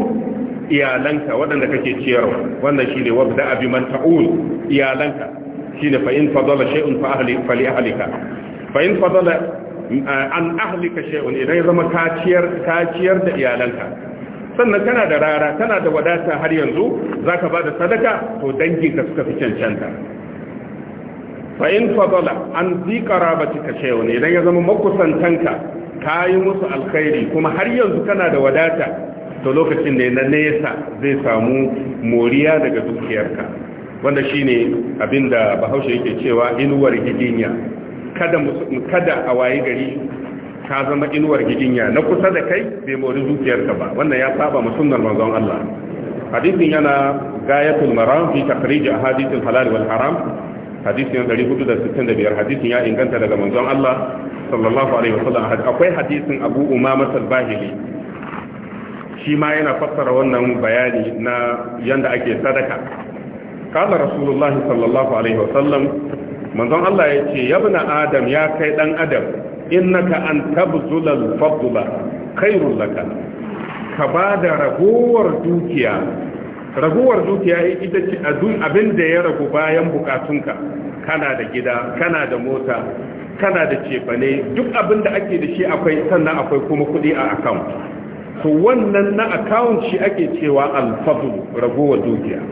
iyalanka waɗanda kake ciyarwa wannan shine wabda abi man ta'ul iyalanka shine fa in fadala shay'un fa ahli fa li ahlika fa in fadala eh, an ahlika shay'un idan zama ka ciyar ka ciyar da iyalanka sannan kana da rara kana da wadata har yanzu za ka ba da sadaka to ka suka fi cancanta fa'in fadala an zikara ba cika shewa ne idan ya zama makusantanka ka yi musu alkhairi kuma har yanzu kana da wadata to lokacin ne na nesa zai samu moriya daga dukiyarka wanda shine abinda bahaushe yake cewa inuwar gidinya kada a wayi gari ka zama inuwar gidinya na kusa da kai bai mori zuciyarka ba wannan ya saba musulman manzon Allah hadisin yana gayatul maram fi takhrij ahadith halal wal haram hadisin 465 hadisin ya inganta daga manzon Allah sallallahu alaihi wasallam akwai hadisin Abu Umama al-Bahili shi ma yana fassara wannan bayani na yanda ake sadaka kala rasulullahi sallallahu alaihi wasallam manzon Allah ya ce ya bna adam ya kai dan adam innaka an tabzula al-fadla khairul laka ka ba da ragowar dukiya ragowar dukiya ita ce abin da ya ragu bayan bukatunka kana da gida kana da mota kana da cefane duk abin da ake da shi akwai sannan akwai kuma kudi a account to wannan na account shi ake cewa alfadul ragowar dukiya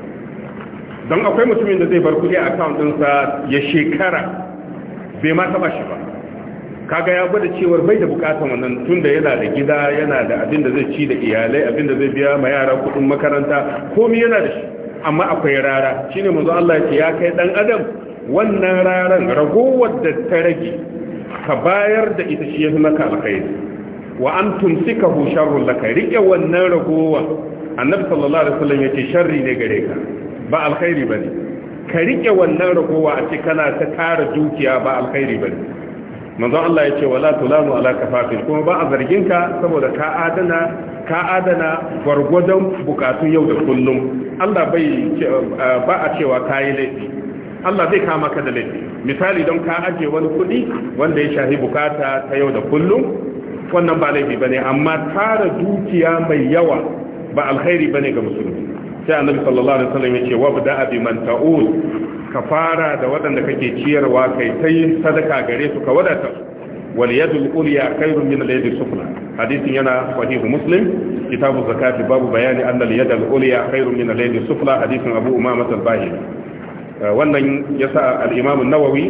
don akwai mutumin da zai bar kudi a account ɗinsa ya shekara bai ma taɓa shi ba kaga ya gwada cewar bai da bukatan wannan da yana da gida yana da abin da zai ci da iyalai abin da zai biya ma yara kudin makaranta komai yana da shi amma akwai rara shine manzo Allah ya ce ya kai dan adam wannan raran ragowar da ta rage ka bayar da ita shi yafi maka alkhairi wa an tumsikahu sharrun laka rike wannan ragowa annabi sallallahu alaihi wasallam yace sharri ne gare ka ba alkhairi bane ka rike wannan ragowa a ce kana ta kara dukiya ba alkhairi bane manzon Allah ya ce wala tulamu ala kafafin kuma ba a zargin ka saboda ka adana ka adana gwargwadon bukatun yau da kullum Allah bai eh, ba a cewa kayi laifi Allah zai kama ka da laifi misali don ka aje wani kuɗi wanda ya shahi bukata ta yau da kullum wannan ba laifi bane amma tara dukiya mai yawa ba alkhairi bane ga musulmi sai annabi sallallahu alaihi wasallam ya ce wabda bi man ka fara da waɗanda kake ciyarwa kai ta yi sadaka gare su ka wadata Wani wal yadul ulya khairun min al yadi sufla hadisin yana Fahimu muslim kitabu zakati babu bayani anna al yadul ulya kai min al yadi sufla hadisin abu umama Masar bahili eh, wannan ya sa imam an-nawawi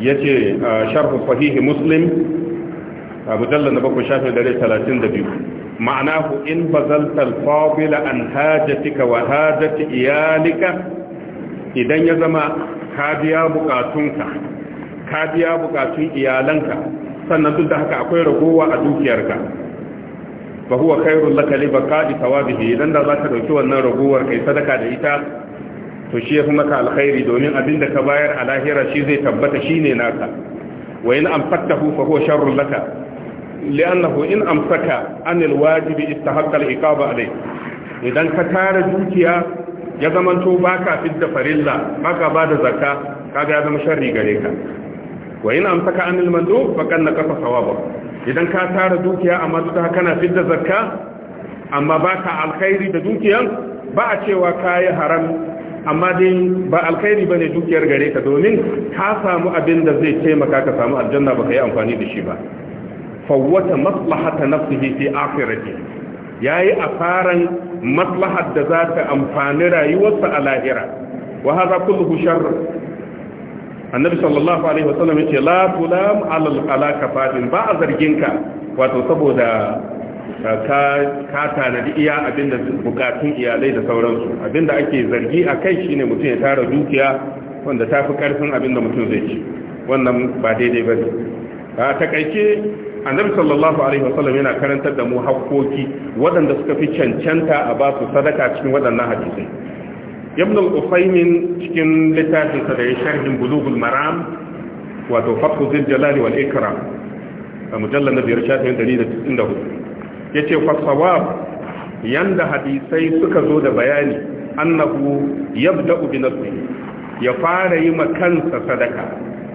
yace eh, sharh Fahimu muslim eh, mujallal na bakwai shafin dare talatin da biyu ma'ana ku in bazalta al-fadila an hajatika wa hajati iyalika idan ya zama ka biya bukatunka ka biya bukatun iyalanka sannan duk da haka akwai ragowa a dukiyarka fa huwa khairul laka li baqa'i thawabihi idan da zaka dauki wannan ragowar kai sadaka da ita to shi yafi maka alkhairi domin abinda ka bayar a lahira shi zai tabbata shine naka wa in amsaktahu fa huwa sharrul laka li'annahu in amsaka anil wajibi istahaqqa al-iqaba alayh idan ka tara dukiya ya zamanto baka fidda farilla ba ba da zakka kaga ya zama sharri gare ka wa ina amsaka anil mandub faqad naqafa sawaba idan ka tara dukiya amma duk da kana fidda zakka amma ba ka alkhairi da dukiyan ba a cewa kai haram amma dai ba alkhairi bane dukiyar gare ka domin ka samu abin da zai taimaka ka samu aljanna baka yi amfani da shi ba fawwata maslahata nafsihi fi akhirati ya yi faran maslahar da za ta amfani rayuwarsa a lahira wa haza kulluhu shar annabi sallallahu alaihi wasallam yace la tulam alal alaka fadin ba a zarginka wato saboda uh, ka tanadi iya abinda bukatun iyalai da sauransu abinda ake zargi a kai shine mutum ya tara dukiya wanda ta fi karfin abinda mutum zai ci wannan ba daidai ba ne a takaice annabi sallallahu alaihi wasallam yana karantar da mu hakkoki waɗanda suka fi cancanta a ba su sadaka cikin waɗannan hadisai ibn al-usaymin cikin littafin sa da ya sharhin bulughul maram wato fathu zil jalali wal ikram a mujallal na biyar shafin 194 yace fa sawab yanda hadisai suka zo da bayani annahu yabda'u bi nafsihi ya fara yi ma kansa sadaka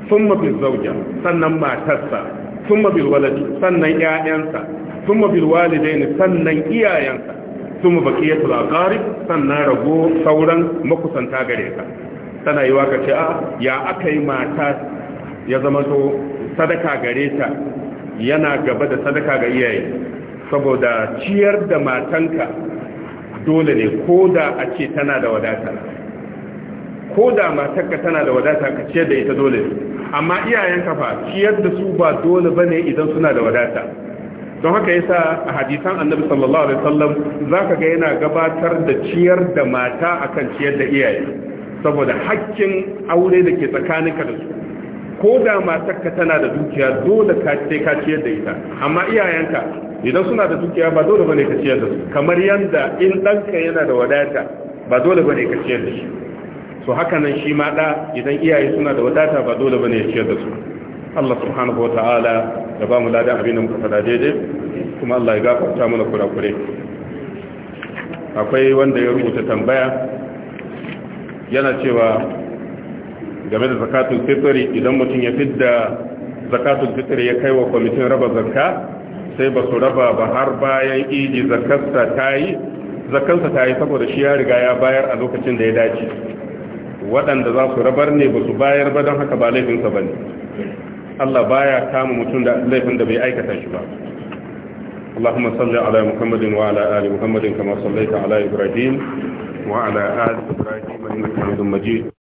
thumma bi zawja sannan matarsa thumma bil waladi sannan 'ya'yansa thumma bil walidaini sannan iyayensa thumma baqiyatul aqarib sannan rago sauran makusanta gare tana yi waka ce a ya aka yi mata ya zama to sadaka gare ta yana gaba da sadaka ga iyaye saboda ciyar da matanka dole ne ko da a ce tana da wadata ko da matarka tana da wadata ka ciyar da ita dole amma iyayen kafa ciyar da su ba dole bane idan suna da wadata don haka yasa a hadisan annabi sallallahu alaihi wasallam zaka ga yana gabatar da ciyar da mata akan ciyar da iyaye saboda hakkin aure da ke tsakaninka da su ko da matarka tana da dukiya dole ka ce ka ciyar da ita amma iyayenka idan suna da dukiya ba dole bane ka ciyar da su kamar yanda in danka yana da wadata ba dole bane ka ciyar da shi so haka nan shi ma da idan iyaye suna da wadata ba dole bane ya ciyar da su Allah subhanahu wa ta'ala ya ba mu ladan abin da muka fada daidai kuma Allah ya gafarta mana kurakure akwai wanda ya rubuta tambaya yana cewa game da zakatul fitri idan mutum ya fidda zakatul fitri ya kai wa kwamitin raba zakka sai ba su raba ba har bayan idi zakarsa ta zakarsa ta yi saboda shi ya riga ya bayar a lokacin da ya dace waɗanda za su rabar ne ba su bayar ba don haka ba laifinsa ba ne Allah baya kama mutum da laifin da bai aikata shi ba اللهم صل على محمد وعلى آل محمد كما صليت على إبراهيم وعلى آل إبراهيم إنك حميد مجيد